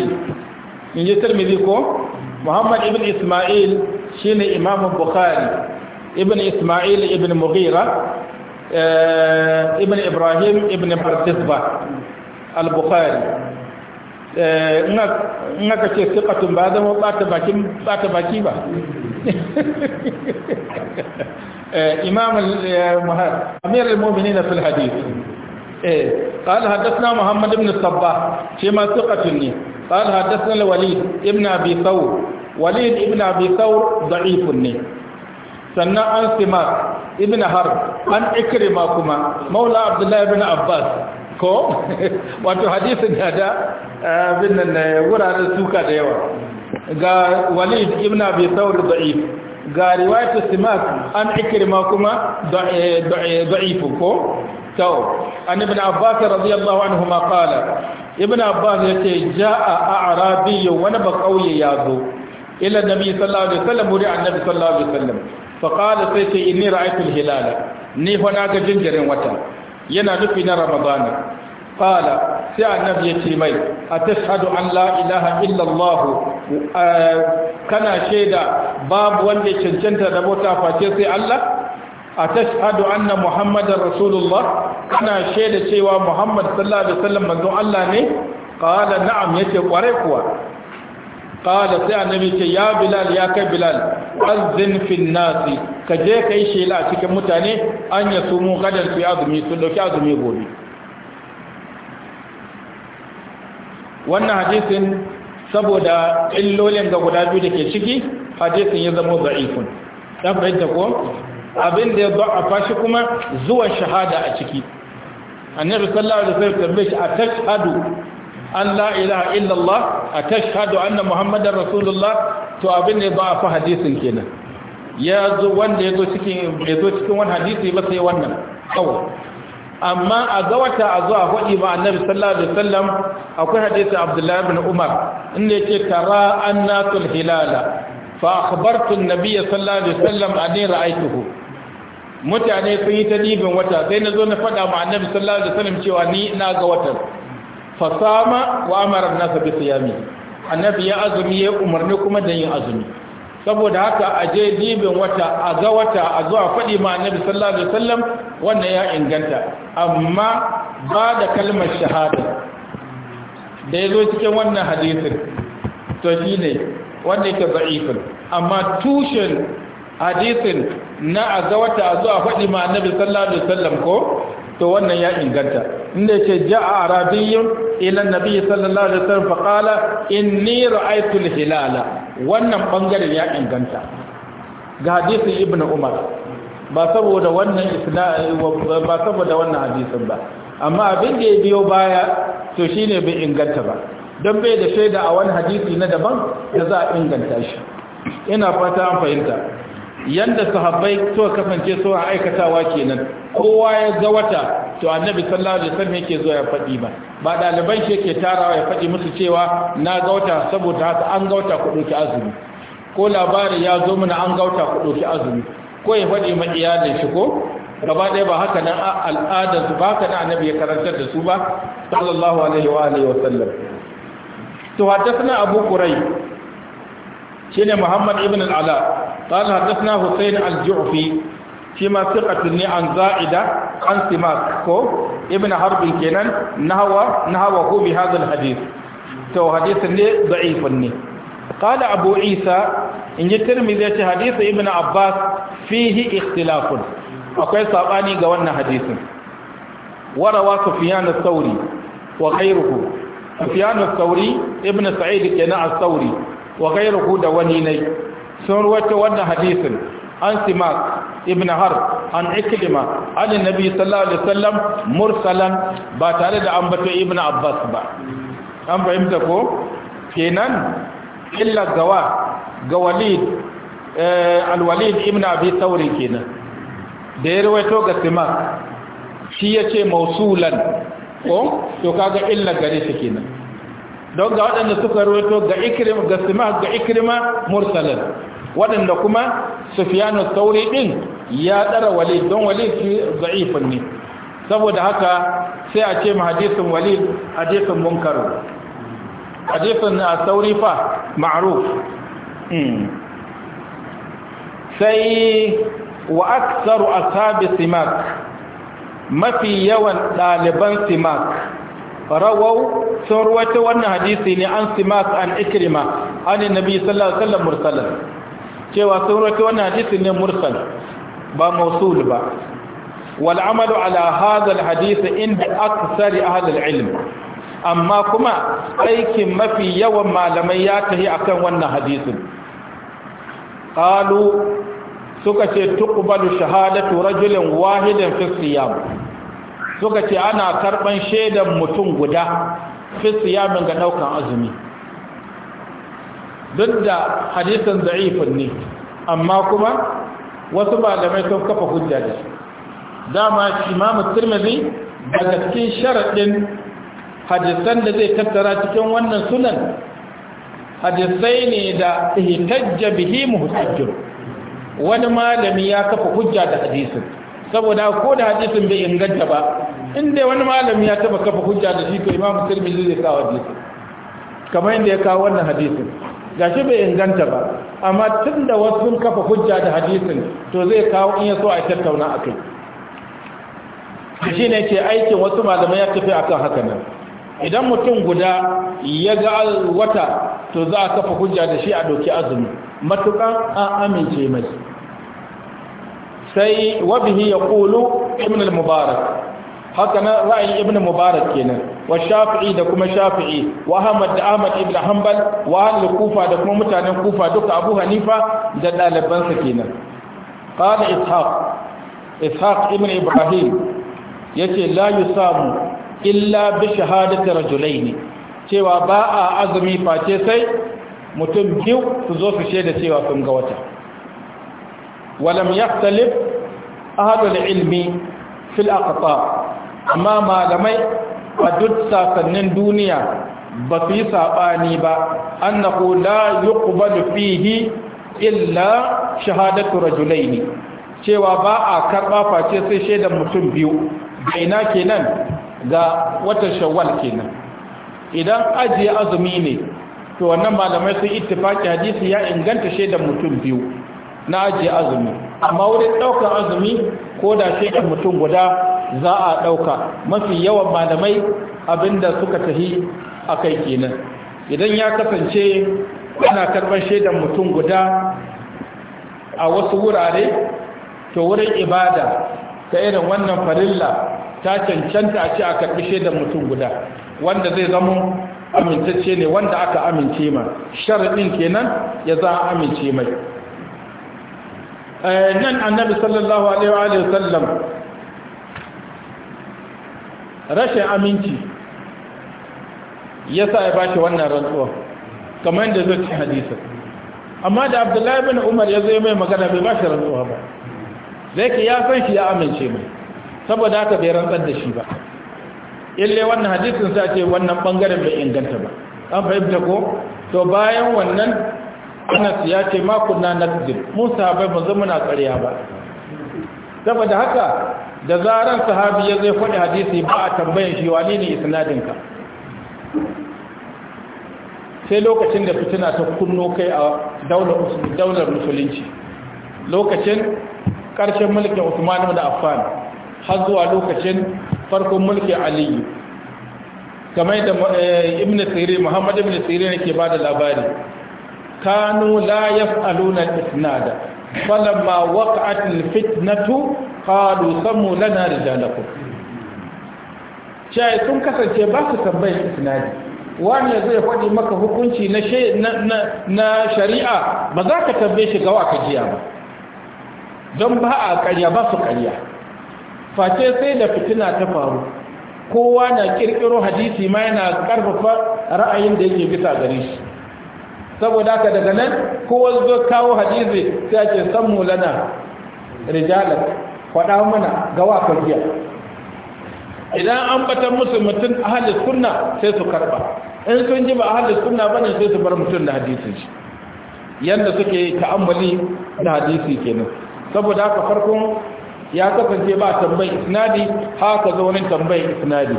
in ji tirmidhi ko muhammad ibn ismail shi ne imamun bukhari ibn ismail ibn mughira eh, ibn ibrahim ibn barsisba البخاري نك نك aka ce siƙatun بات zama ɓata baki ba imam amir al قال حدثنا محمد بن الصباح فيما ثقة قال حدثنا الوليد ابن أبي ثور وليد ابن أبي ثور ضعيف سنة عن سماك ابن حرب عن إكرمكما مولى عبد الله بن عباس ko wato hadisin na da abin eh, nan eh, wuraren suka da yawa ga walid ibn abi thawr da'if ga riwayat simak an ikrima kuma da'if ko to an ibn abbas radiyallahu anhu ma qala ibn abbas yace jaa a'rabi wani ba kauye yazo ila nabi sallallahu alaihi wasallam wuri annabi sallallahu alaihi wasallam fa qala sai ce inni ra'aytu al-hilala ni fa na ga jinjirin wata yana nufi na ramadana Fala sai annabi ya ce mai a atashhadu an la ilaha illa allah eh, kana shaida babu wanda cancanta da bauta face sai allah a tashhadu anna muhammadar rasulullah kana shaida cewa muhammad sallallahu alaihi wasallam manzon Allah ne qala na'am yace kware kuwa Kada sai annabi ce ya bilal ya kai bilal azin fin nasi ka je kai shela a cikin mutane an ya sumu gadan su azumi sun dauki azumi gobe wannan hadisin saboda illolin ga guda biyu da ke ciki hadisin ya zama da'ifun dan bayyana ko abin da ya da'afa shi kuma zuwa shahada a ciki annabi sallallahu alaihi wasallam tambaye shi a an la'ila ilaha illallah a tashhadu annan muhammadar rasulullah to abin ne ba a fa hadisin kenan ya zo wanda ya zo cikin ya zo cikin wani hadisi wannan kawai amma a ga wata a zo a faɗi ba annabi sallallahu alaihi wasallam akwai hadisi abdullahi bin umar inda ce, tara an annatul hilala fa akhbartu an-nabiy sallallahu alaihi wasallam an ra'aytuhu mutane sun yi ta dibin wata sai na zo na faɗa ma annabi sallallahu alaihi wasallam cewa ni na ga watan fasama wa amara nasa bi siyami annabi ya azumi ya umarni kuma da yin azumi saboda haka a je dibin wata a ga wata a zuwa fadi ma annabi sallallahu alaihi wasallam wannan ya inganta amma ba da kalmar shahada da yazo cikin wannan hadisin to shi ne wanda yake za'ifin amma tushen hadisin na a ga wata a zuwa fadi ma annabi sallallahu alaihi wasallam ko to wannan ya inganta inda yake ja'a arabiyyun ila nabi sallallahu alaihi wasallam fa qala inni ra'aytu al-hilala wannan bangaren ya inganta ga hadisin ibnu umar ba saboda wannan ba saboda wannan hadisin ba amma abin da ya biyo baya to shine bai inganta ba don bai da shaida a wani hadisi na daban da za a inganta shi ina fata an fahimta yanda sahabbai suka kasance so aikatawa kenan kowa ya ga wata to annabi sallallahu alaihi wasallam yake zuwa ya faɗi ba ba ɗaliban shi yake tarawa ya faɗi musu cewa na ga wata saboda haka an ga wata ku ɗauki azumi ko labari ya zo mana an ga wata ku ɗauki azumi ko ya faɗi ma iyalin shi ko gaba ɗaya ba haka nan al'adar su ba haka nan annabi ya karantar da su ba sallallahu alaihi wa alihi wasallam to haddathna abu شين محمد ابن العلاء قال حدثنا حسين الجعفي فيما ثقة عن زائدة عن سماك ابن حرب كنان نهوى نهوه بهذا الحديث تو حديث ضعيف قال أبو عيسى in yi tirmidhi ce hadisi ibn abbas fihi ikhtilafun akwai sabani ga wannan hadisin warawa sufyan al-thawri wa ghayruhu sufyan ibn sa'id kana wa gairuhu da wani ne sun ruwata wannan hadisin an simak ibn har an ikilima an nabi sallallahu alaihi wasallam mursalan ba tare da ambato ibn abbas ba an fahimta ko kenan illa gawa ga walid eh, alwalid ibn abi sauri kenan da ya ruwaito ga simak shi yace mausulan ko to kaga illa gare shi kenan don ga waɗanda suka ruwaito ga ikrima ga simak ga ikrima mursalan waɗanda kuma sufyanu sauri ɗin ya ɗara wali don walid shi za'ifin ne saboda haka sai a ce ma hadisin walid hadisin munkar hadisin a sauri fa ma'ruf hmm. sai wa aksaru ashabi simak mafi yawan ɗaliban simak rawau sun ruwaita wannan hadisi ne an simas an ikrima an nabi sallallahu alaihi mursalan cewa sun ruwaita wannan hadisi ne mursal ba mausul ba wal'amalu ala hadha hadisi hadith inda aksari ahli al ilm amma kuma aikin mafi yawan malamai ya tahi akan wannan hadisin Kalu suka ce tuqbalu shahadatu rajulin wahidin fi siyam suka ce ana karban shaidan mutum guda fi siyamin ga daukan azumi duk da hadisin da'ifin ne amma kuma wasu malamai sun kafa hujja da shi dama imamu tirmidhi daga cikin sharaɗin hadisan da zai tattara cikin wannan sunan hadisai ne da ihtajja bihi muhtajjir wani malami ya kafa hujja da hadisin saboda ko da hadisin bai inganta ba inda wani malami ya taba kafa hujja da shi to imamu tirmidhi zai kawo hadisin kamar inda ya kawo wannan hadisin gashi bai inganta ba amma tunda wasu sun kafa hujja da hadisin to zai kawo in ya so a tattauna akai shi ne ce aikin wasu malamai ya tafi akan haka nan idan mutum guda ya ga wata to za a kafa hujja da shi a doki azumi matukan an amince mai sai wabihi ya kulu ibn al-mubarak haka na ra'ayin ibn mubarak kenan wa shafi'i da kuma shafi'i wa ahmad da ahmad ibn hanbal wa ahlul kufa da kuma mutanen kufa duka abu hanifa da ɗalibansa kenan qala ishaq ishaq ibn ibrahim yace la yusamu illa bi shahadati rajulaini cewa ba a azumi face sai mutum biyu su zo su shaida cewa sun ga wata ولم يختلف أهل العلم في الأقطار أما ما لم قدد ساكنين دنيا بفي ساباني با أنه لا يقبل فيه إلا شهادة رجلين cewa ba a karɓa face sai shaidar mutum biyu Daina kenan ga watan shawwal kenan idan ajiye azumi ne to wannan malamai sun ittifaki hadisi ya inganta shaidar mutum biyu na ajiye azumi amma wurin ɗaukar azumi ko da shekar mutum guda za a ɗauka mafi yawan malamai abinda suka tahi a kai kenan idan ya kasance ana karɓar shaidar mutum guda a wasu wurare to wurin ibada ta irin wannan farilla ta cancanta a ce a karɓi shaidar mutum guda wanda zai zama amintacce ne wanda aka amince ma sharaɗin kenan ya za a amince mai Eh, nan annabi sallallahu alaihi wa sallam rashin aminci ya sa ya bashi wannan rantsuwa kamar da zai ci hadisa amma da abdullahi bin umar ya zai mai magana bai bashi rantsuwa ba zai ke ya san shi ya amince mai saboda haka bai rantsar da shi ba ille wannan hadisin sa ce wannan bangaren bai inganta ba an fahimta ko to bayan wannan anas ya ce ma kunna nakzib mun sahabai ba zama na ƙarya ba saboda haka da zaran sahabi ya zai faɗi hadisi ba a tambayin shi wani ne isnadinka sai lokacin da fitina ta kunno kai a daular musulunci lokacin ƙarshen mulkin Usman da Affan har zuwa lokacin farkon mulkin Aliyu kamar da eh, Ibn Sirin Muhammad Ibn Sirin yake bada labari كانوا لا يفعلون الإسناد فلما وقعت الفتنة قالوا سموا لنا رجالكم shayi sun kasance ba su tambayar isnadi wani ya zai faɗi maka hukunci na shari'a ba za ka tambaye shi gawa ka jiya ba don ba a ƙarya ba su ƙarya face sai da fitina ta faru kowa na ƙirƙiro hadisi ma yana ƙarfafa ra'ayin da yake bisa gare shi saboda ka daga nan kowa zo kawo hadisi sai ake san mu lana rijalan faɗa mana gawa kwagiya idan an batan musu mutum sunna sai su karɓa in sun ji ba ahalin sunna bane sai su bar mutum da hadisi shi yadda suke ta'ammali da hadisi kenan saboda ka farkon ya kasance ba tambayi isnadi haka zo wani tambayi isnadi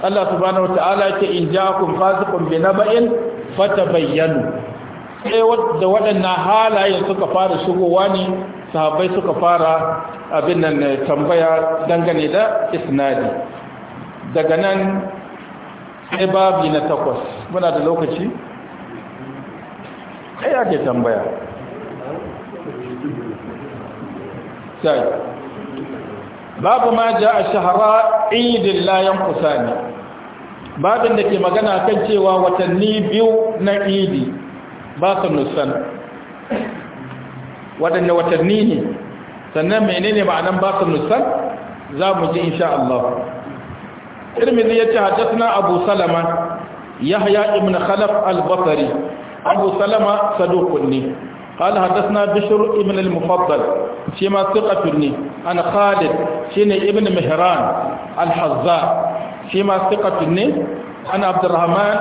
Allah subhanahu wata'ala ce in ja'akum fasiqun bi naba'in fatabayyanu sai da waɗannan halaye suka fara shigowa ne sahabbai suka fara abin nan eh, tambaya dangane da isnadi daga nan sai babi na takwas muna da lokaci Ai ake tambaya sai babu ma ja a shahara idin layan kusani babin da ke magana kan cewa watanni biyu na idi ba su nusan waɗanda watanni ne sannan menene ma'anan ba su nusan za mu ji insha Allah irmizi ya ce hajjatna abu salama yahya ibn khalaf al-basari abu salama sadukun ne قال حدثنا بشر ابن المفضل شيما ثقة بني أنا خالد شين ابن مهران الحزاء شيما ثقة بني أنا عبد الرحمن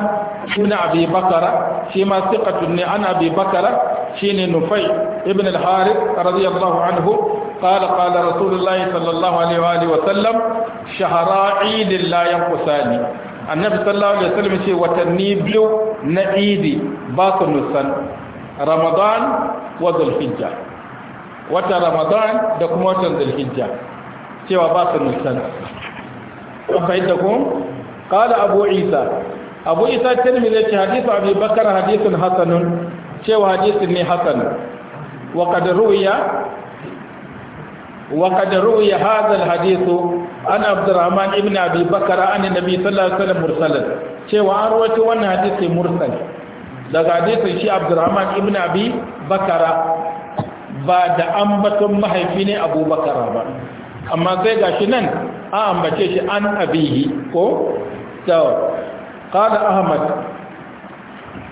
ابن أبي بكر شيما ثقة بني أنا أبي بكر شين نفي ابن الحارث رضي الله عنه قال قال رسول الله صلى الله عليه وآله وسلم شهراعي لله ينقصاني النبي صلى الله عليه وسلم شيء وتنيبلو نعيدي باطن السنة ramadan wa zulhijja wata ramadan da kuma watan zulhijja cewa ba su nisan an fahimta ko qala abu isa abu isa tirmidhi ce hadisu abi bakar hadithun hasanun cewa hadisin ne hasan wa qad ruwiya وقد روي هذا الحديث عن Ibn الرحمن ابن ابي بكر عن النبي صلى الله عليه cewa an rawaito wannan hadisi mursal daga hadisin shi abdurrahman ibn abi bakara ba da ambaton mahaifi ne abu ba amma sai gashi nan a ambace shi an abihi ko tawa kada ahmad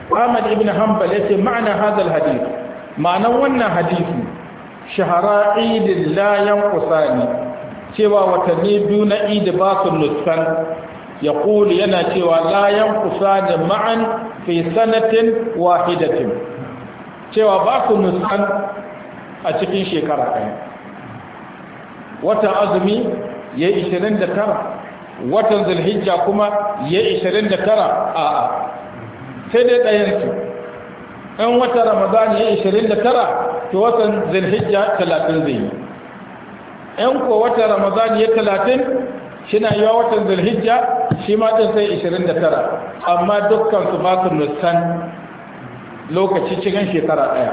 ahmad ibn hanbal yace ma'ana hadha alhadith ma'anar wannan hadisi shahara idin la yanqusani cewa watanni biyu na idi ba su nuskan ya kuli yana cewa la yanqusani ma'an fi sanatin wahidatin cewa ba ku nusan a cikin shekara ɗaya watan azumi ya yi 29 watan zulhijja kuma ya yi 29 a'a sai dai ɗayansu in wata ramadan ya yi 29 to watan zulhijja 30 zai yi in ko wata ramadan ya 30 shina yawa watan zulhijja shi ma din sai 29 amma dukkan su ba su nusan lokaci cikin shekara daya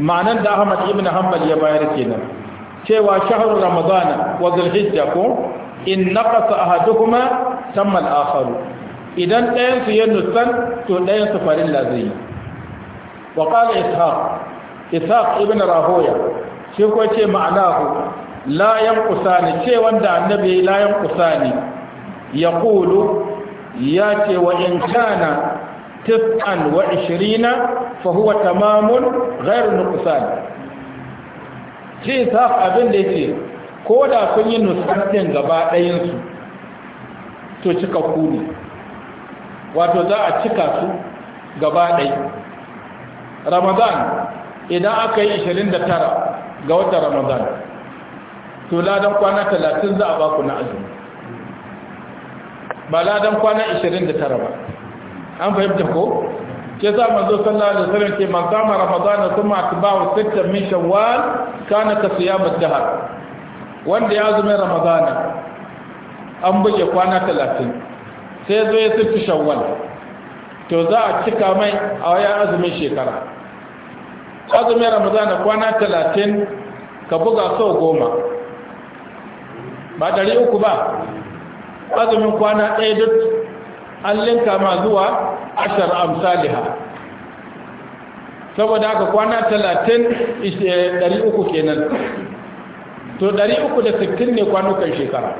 ma'anan da Ahmad ibn Hanbal ya bayar kenan cewa shahrul ramadana wa zulhijja ko in naqasa ahaduhuma tamma al-akhar idan ɗayan su ya nusan to ɗayan su farilla zai wa qala ishaq ishaq ibn rahoya shi ko ce ma'anahu la yanqusani ce wanda annabi la kusa ne ya ce wa in kana tis'an wa ishirina fa huwa tamamun ghairu nuqsan shi ta abin da yake ko da kun yi nusantin gaba ɗayan to cika ku wato za a cika su gaba ɗaya ramadan idan aka yi 29 ga watan ramadan to ladan kwana talatin za a ba ku na azumi ba ladan kwana ashirin da tara ba an fahimta ko ke za a manzo sallallahu alaihi wasallam ke man kama ramadana kuma wa sittan min shawwal kana ka siya ad wanda ya zumi ramadana an buge kwana talatin sai zo ya sittu shawwal to za a cika mai a waya azumin shekara azumin ramadana kwana talatin ka buga sau goma ba ɗari uku ba azumin kwana ɗaya duk an linka ma zuwa ashar amsaliha saboda haka kwana talatin eh, ɗari uku kenan to ɗari uku da sittin ne kwanukan shekara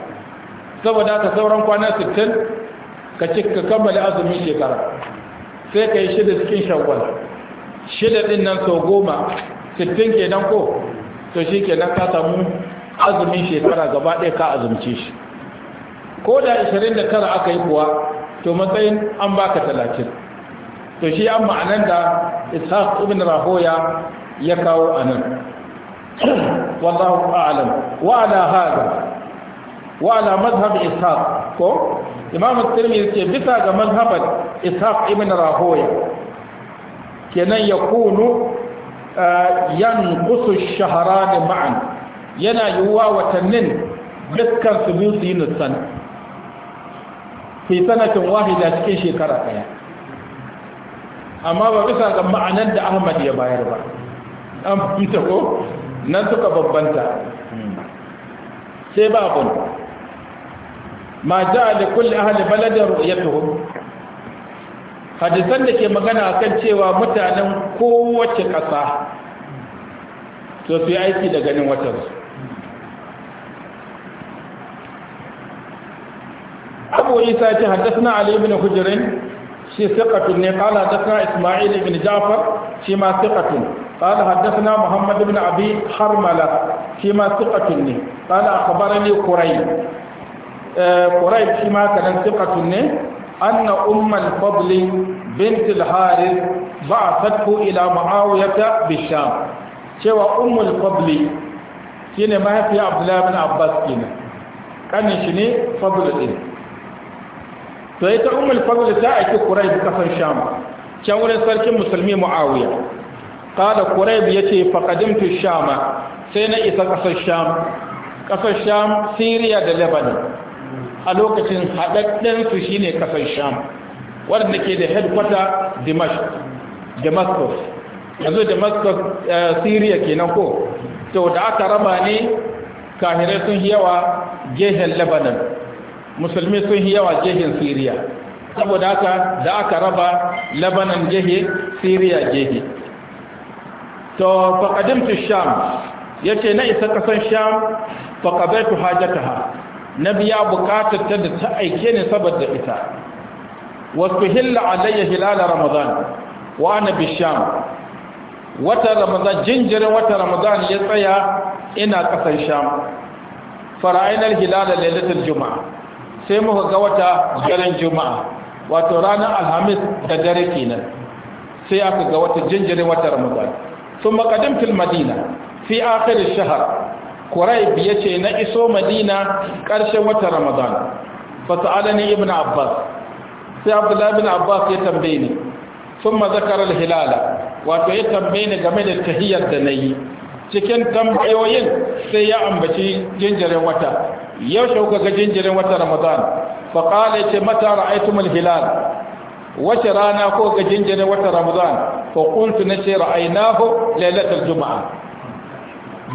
saboda haka sauran kwana sittin ka ci ka kammala azumin shekara sai ka yi shida cikin shagwal shida ɗin nan sau goma sittin kenan ko to shi kenan ka samu azumin shekara gaba ɗaya ka azumce shi ko da 29 aka yi kuwa to matsayin an baka talatin. to shi an ma'anar da ishaq ibn rahoya ya kawo a nan wallahu a'lam wa ala hada wa ala mazhab ishaq ko imam at-tirmidhi ce bisa ga mazhabar ishaq ibn rahoya kenan yakunu eh, yanqusu ash-shahrani ma'an yana yiwuwa watannin dukkan su biyu su yi nutsan fi sanatin wahida cikin shekara ɗaya amma ba bisa ga ma'anar da ahmad ya bayar ba an fita ko nan suka babbanta sai babun ma ja da kulle ahali baladar ru'yatuhum hadisan da ke magana akan cewa mutanen kowace ƙasa to su yi aiki da ganin watansu أبو عيسى حدثنا علي بن حجر شي ثقة قال حدثنا إسماعيل بن جعفر شيما ثقة قال حدثنا محمد بن أبي حرملة شيما ثقة قال أخبرني قريب قريب شيما كان ثقة أن أم الفضل بنت الحارث بعثته إلى معاوية بالشام شوى أم الفضل شيني ما في عبد الله بن عباس كينا كان شيني فضل إيه to ita ummul fadl ta aiki quraib kafan sham can wurin sarkin musulmi muawiya qala quraib yace faqadimtu shama sai na isa kasar sham kasar sham syria da lebanon a lokacin hadadden su shine kasar sham wanda ke da headquarter dimashq damascus yanzu damascus eh, syria kenan ko to da aka raba ne kahirai sun yawa gehen lebanon musulmi sun yi yawa gehen siriya saboda haka da aka raba labanan gehe siriya gehe to faƙadimtu sham ya ce na isa ƙasan sham faƙabaitu hajjataha na biya buƙatar ta da ta aike ne saboda ita wasu hilla alayya hilala ramadan wa na bisham wata ramadan jinjirin wata ramadan ya tsaya ina ƙasan sham fara'ainar hilala lailatul juma'a sai muka ga wata daren juma'a wato ranar alhamis da dare kenan sai aka ga wata jinjirin wata ramadan sun makadin fil madina fi akhirin shahar quraib ce na iso madina ƙarshen wata ramadan fa Alani ibn abbas sai abdullahi ibn abbas ya tambaye ni Sun zakara al-hilala wato ya tambaye ni game da tahiyar da na yi. cikin tambayoyin sai ya ambaci jinjirin wata yau kuka ga jinjirin wata ramadan fa qala ce mata ra'aytumul hilal wace rana ko ga jinjirin wata ramadan fa qultu ce ra'aynahu lailatul juma'a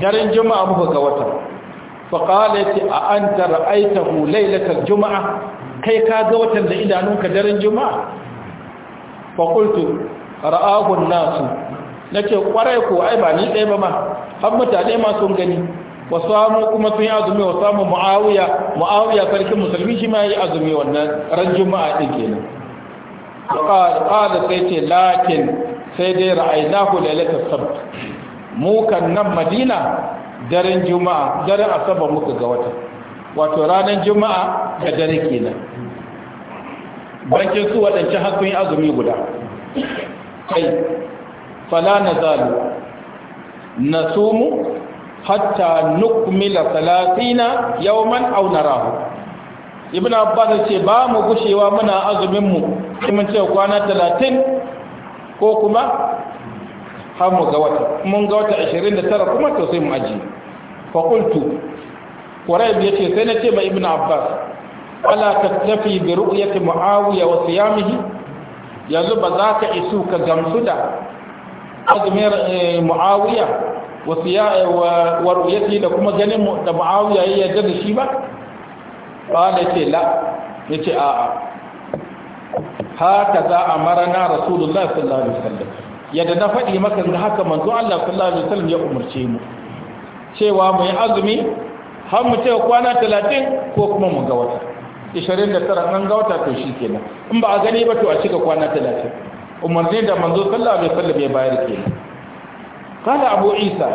daren juma'a muka ga wata fa qala ce a anta ra'aytahu lailatul juma'a kai ka ga watan da idanunka daren juma'a fa qultu ra'ahu an-nasu nace kwarai ko ai ba ni dai ba ma har mutane ma sun gani wa samu kuma sun yi azumi wa samu muawiya muawiya sarkin musulmi shi ma yi azumi wannan ran juma'a din kenan qala sai ce lakin sai dai ra'aynahu lailatul sabt mu kan nan madina daren juma'a daren asaba muka ga wata wato ranar juma'a da dare kenan bankin su waɗancan hakkun azumi guda kai fala na zalu hatta nukmila talatina yawman aw narahu ibn abbas ce ba mu gushewa muna azumin mu mun ce kwana 30 ko kuma har mu ga wata mun ga wata 29 kuma to sai mu aji fa qultu quraib yace sai na ce ma ibn abbas ala tattafi bi ru'yati muawiya wa siyamihi yanzu ba za ka isu ka gamsu da azumin eh, muawiya wasu ya wa ru'yati da kuma ganin mu da muawiya ya yarda da shi ba ba ne ce la yace a a haka za amarna rasulullah sallallahu alaihi wasallam yadda na fadi maka da haka manzo Allah sallallahu alaihi wasallam ya umurce mu cewa mu yi azumi har mu ce kwana 30 ko kuma mu ga wata 29 an ga wata to shi kenan in ba a gani ba to a cika kwana 30 umarni da manzo sallallahu alaihi wasallam ya bayar kenan kala abu isa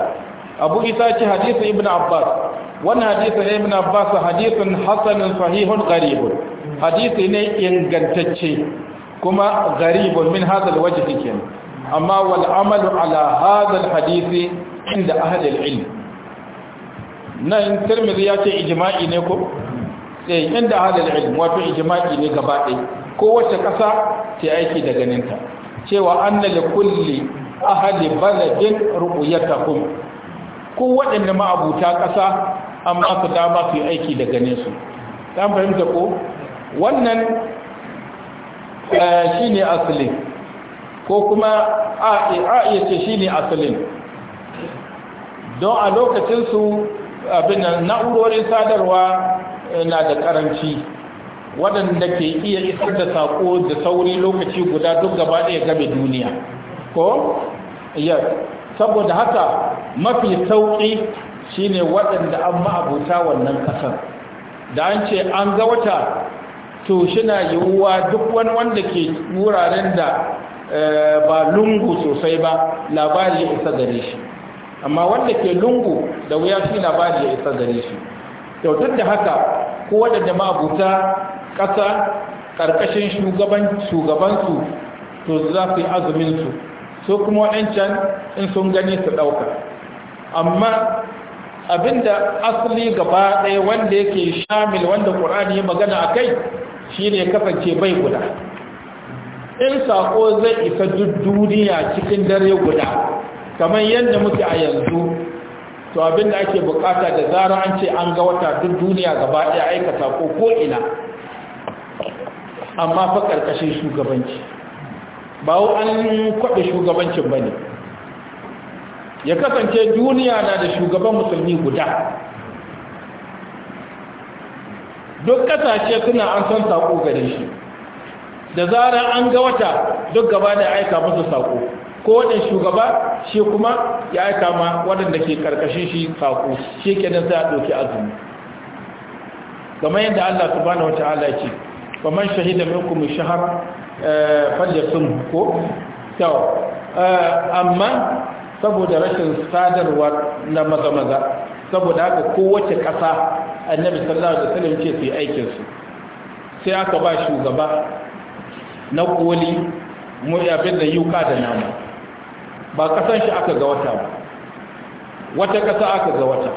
abu isa ce hadisin ibn abbas Wani hadisin ibn abbas hadisin hasanin sahihun garibun hadisi ne ingantacce kuma garibun min hadal wajhi kenan amma wal amalu ala hadal hadisi inda ahli ilm nan tirmidhi ya ce ijma'i ne ko sai inda ahli ilm wato ijma'i ne gaba ɗaya kowace ƙasa ta aiki da ganinta cewa anna kulli ahadi baladin rubuyatakum ko waɗanda ma'abuta ƙasa amma aka su dama su yi aiki daga nesu su ta fahimta ko wannan eh, shi ne asalin ko kuma a iya ce shi ne asalin don a lokacinsu abin na'urorin sadarwa eh, na da ƙaranci waɗanda ke iya isar da saƙo da sauri lokaci guda duk gaba ɗaya game duniya ko ya saboda haka mafi sauƙi shine waɗanda an ma'abuta wannan ƙasar da an ce an ga wata to shina yiwuwa duk wani wanda ke wuraren da eh, ba lungu sosai ba labari ya isa gare shi amma wanda ke lungu da wuya shi labari ya isa gare shi to duk da haka ko waɗanda ma'abuta ƙasa ƙarƙashin shugabansu to za su yi azuminsu su kuma waɗancan in sun gani su ɗauka amma abinda asali gaba ɗaya wanda yake shamil wanda ƙur'ani ya magana a kai shi ne kasance bai guda in saƙo zai isa duk duniya cikin dare guda kamar yadda muke a yanzu to abinda ake bukata da zara an ce an ga wata duk duniya gaba ɗaya aikata ko ko'ina amma fa ƙarƙashin shugabanci ba an kwaɗe shugabancin ba ne ya kasance duniya na da shugaban musulmi guda duk ƙasashe suna an son saƙo gare shi da zarar an ga wata duk gaba da aika musu saƙo ko wani shugaba shi kuma ya aika ma waɗanda ke ƙarƙashin shi saƙo shi kenan sai a ɗauki azumi kamar yadda allah subhanahu wa ta'ala ce wa man shahida minkum shahara falyasum ko to amma saboda rashin sadarwa na maza maza saboda haka kowace kasa annabi sallallahu alaihi wasallam ce su yi aikin su sai aka ba shugaba na koli mu bin da yuka da nama ba kasan shi aka ga wata ba wata kasa aka ga wata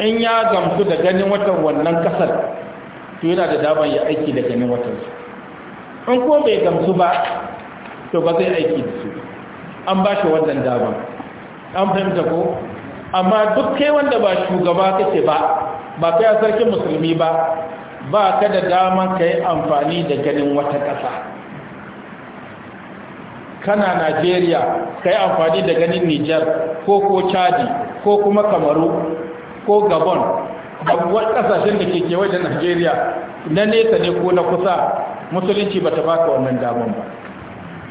in ya gamsu da ganin watan wannan kasar to yana da damar ya aiki da ganin watansu An ko bai gamsu ba to ba zai aiki da su an ba shi wannan damar an fahimta ko amma duk kai wanda ba shugaba kake ba ba kai a sarkin musulmi ba ba ka da damar ka yi amfani da ganin wata ƙasa kana najeriya ka yi amfani da ganin nijar ko ko chadi ko kuma kamaru ko gabon da kasashen da ke kewa da Najeriya na nesa ne ko na kusa musulunci ba ta baka wannan damar ba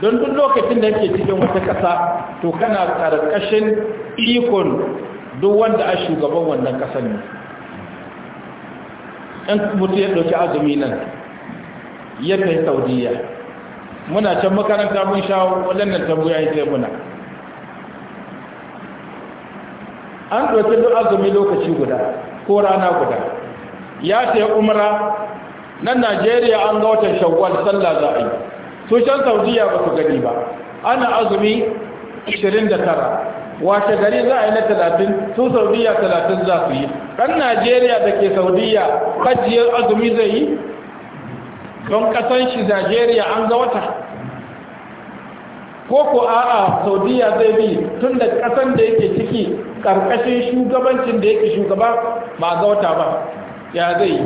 don duk lokacin da yake cikin wata kasa to kana karkashin ikon duk wanda a shugaban wannan kasar ne in mutu ya ɗauki azumi nan ya kai saudiya muna can makaranta mun sha waɗannan ya sai muna an ɗauki duk azumi lokaci guda ko rana guda ya sayi umra nan najeriya an ga watan shawwal sallah za a yi saudiya ba su gani ba ana azumi 29 wace gari za a yi na 30 su saudiya 30 za su yi ɗan najeriya da ke saudiya kajiyar azumi zai yi don ƙasan shi najeriya an ga wata ko ko a'a saudiya zai bi tun da kasan da yake ciki karkashin shugabancin da yake shugaba ba ga wata ba ya zai yi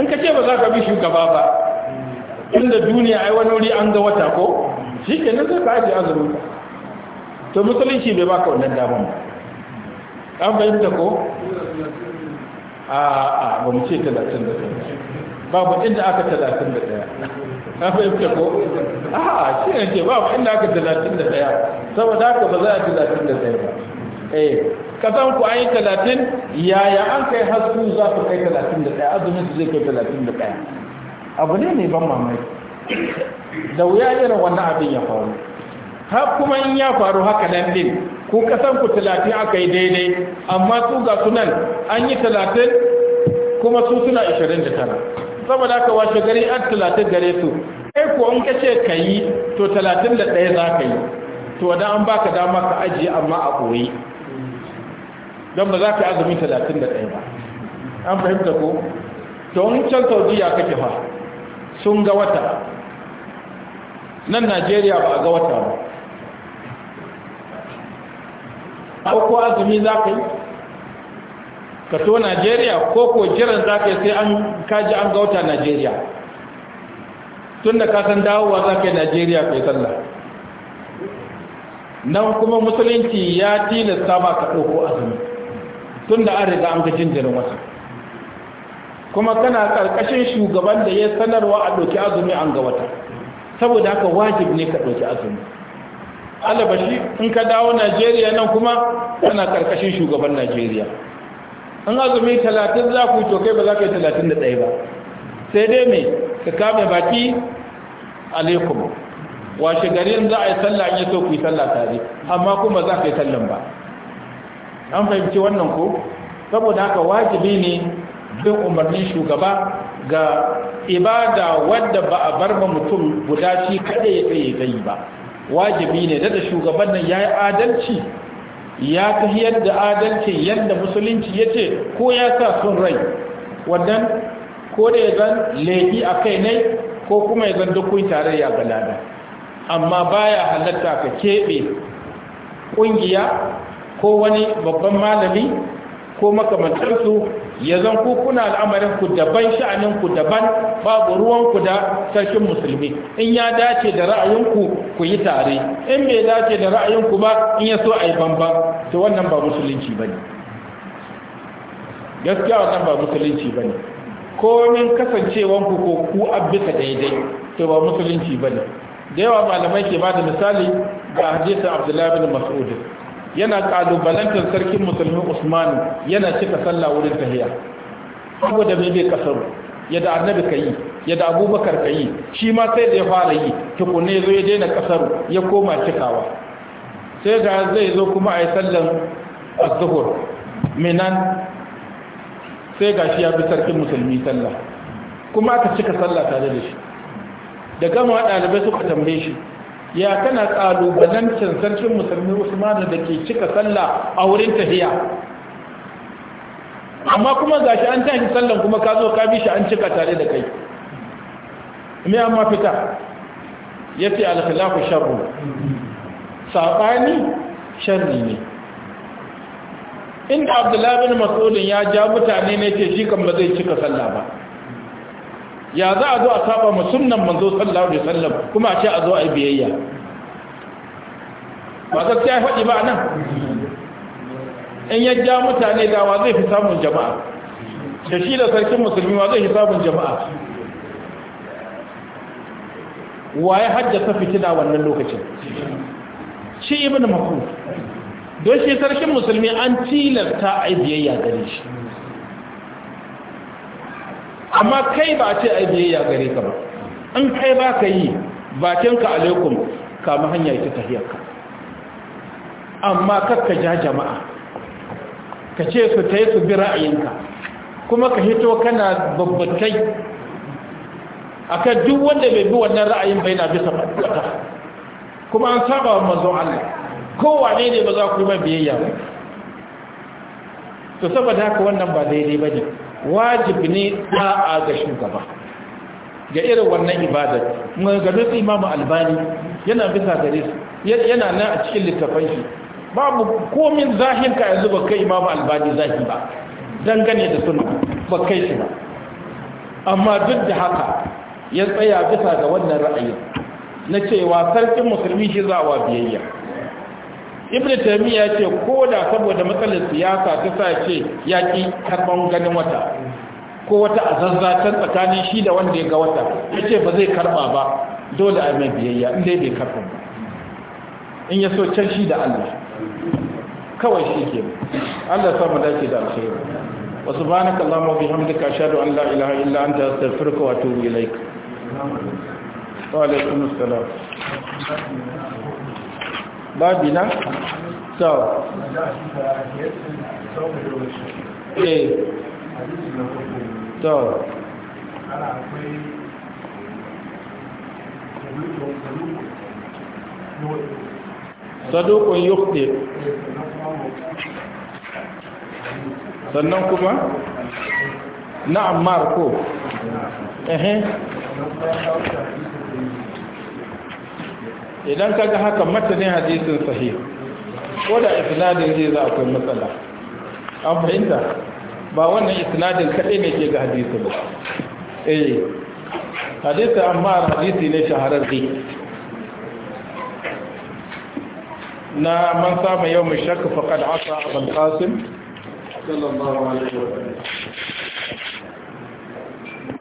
in ka ce ba za ka bi shugaba ba inda duniya ai wani wuri an ga wata ko shi ke nan zai ka ajiye azumi to musulunci bai baka wannan damar. ba an fahimta ko a a ba mu ce talatin da ɗaya babu inda aka talatin da ɗaya na fahimta ko a shi ne ce ba inda aka talatin da ɗaya saboda haka ba za a talatin da ɗaya ba eh kasan ku an yi talatin yaya an kai hasku za ku kai talatin da ɗaya azumin su zai kai talatin da ɗaya abu ne ne ban mamaki da wuya irin wannan abin ya faru har kuma in ya faru haka nan din ko kasan ku talatin aka yi daidai amma su ga sunan an yi talatin kuma su suna ashirin da tara saboda ka washe gari an talatin gare su kai ko in kace ka yi to talatin da ɗaya za ka yi to wadda an baka dama ka ajiye amma a koyi. don ba za ka azumi talatin da ɗaya ba an fahimta ko to don can ya kake fa sun ga wata nan najeriya ba a ga wata ba ko azumi za ka yi ka to najeriya ko ko jiran za ka yi sai an kaji an gauta najeriya tun da kasan dawowa za ka yi najeriya kai sallah nan kuma musulunci ya tina saba ka ɗauko azumi tun da an riga an ga jinjirin wasu kuma kana ƙarƙashin shugaban da ya sanarwa a ɗauki azumi an ga wata saboda haka wajib ne ka ɗauki azumi alabashi in ka dawo najeriya nan kuma kana ƙarƙashin shugaban najeriya an azumi talatin za ku to kai ba za ka yi talatin da ɗaya ba sai dai mai ka kame baki alaikum washe garin za a yi sallah an yi so ku yi sallah tare amma kuma za ka yi sallan ba an fahimci wannan ko saboda haka wajibi ne bin umarnin shugaba ga ibada wadda ba a bar ba mutum guda shi kada ya tsaye ba wajibi ne daga shugaban nan ya yi adalci ya tahiyar da adalci yadda musulunci ya ce ko ya sa sun rai wannan ko da ya zan laifi a kai ne ko kuma ya zan dukkan tarayya ga lada amma baya halatta ka keɓe ƙungiya ko wani babban malami ko makamantarsu ya zan ku kuna al'amarin ku daban sha'anin ku daban babu ruwan ku da sarkin musulmi in ya dace da ra'ayinku ku yi tare in bai dace da ra'ayinku ba in ya so a yi to wannan ba musulunci bane gaskiya wannan ba musulunci bane komin kasancewanku ko ku abisa daidai to ba musulunci bane da yawa malamai ke ba da misali ga hadisin abdullahi bin mas'ud yana kalubalantar sarkin musulmi Usman yana cika sallah wurin tahiya saboda me bai kasar yadda annabi kayi yadda abubakar kayi shi ma sai da ya fara yi tukunne zo ya daina kasar ya koma cikawa sai ga zai zo kuma a yi sallan az-zuhur minan sai ga shi ya bi sarkin musulmi sallah kuma aka cika sallah tare da shi da gama ɗalibai suka tambaye shi ya kana ƙalubalancin sarkin musulmi Usman da ke cika sallah a wurin tahiya amma kuma ga shi an tashi sallan kuma ka zo ka bishi an cika tare da kai me amma fita ya fi alkhilafu sharru saɓani sharri ne inda abdullahi bin mas'ulin ya ja mutane ne ce shi kan ba zai cika sallah ba ya za a zo a saba ma sunnan manzo sallallahu alaihi wasallam kuma a ce a zo a yi biyayya ba gaskiya faɗi ba nan in ya ja mutane da wa zai fi samun jama'a da shi da sarkin musulmi wa zai fi samun jama'a wa ya haddasa fitina wannan lokacin shi ibn mafud don shi sarkin musulmi an tilasta a yi biyayya gare shi amma kai ba ce ai biyayya gare ka ba in kai ba ka yi ka alaikum ka mu hanya ita tahiyarka amma kakka ja jama'a ka ce su ta su bi ra'ayinka kuma ka hito kana babbatai akan duk wanda bai bi wannan ra'ayin bai na bisa fadata kuma an saba wa manzon Allah kowane ne ba za ku yi biyayya ba to saboda haka wannan ba daidai ba ne wajib ne da'a ga shugaba ga irin wannan ibadar ga su imamu albani yana bisa gare su yana nan a cikin littafin shi babu komin zahin ka yanzu ba kai imamu albani zahi ba dangane da sunna ba kai shi ba amma duk da haka ya tsaya bisa ga wannan ra'ayin na cewa sarkin musulmi shi za wa biyayya ibn taymiya ce ko da saboda matsalar siyasa ta sa ce ki karban ganin wata ko wata ta tsakanin shi da wanda ya ga wata yace ba zai karba ba dole a mai biyayya in dai bai karba ba in ya so can shi da Allah kawai shi ke Allah mu dace da alheri wa subhanaka allahumma wa bihamdika ashhadu an la ilaha illa anta astaghfiruka wa atubu ilaik wa alaikumus assalam babi na? sau eh sau sadukun yukde sannan kuma na ammar ko ehe idan ka ga haka matanin hadisin sahih ko da isnadin zai za akwai matsala an fahimta ba wannan isnadin kaɗai ne ke ga hadisi ba eh hadisi amma hadisi ne shahararri na man samu yau mai shakka faƙad asa abin qasim sallallahu alaihi wa sallam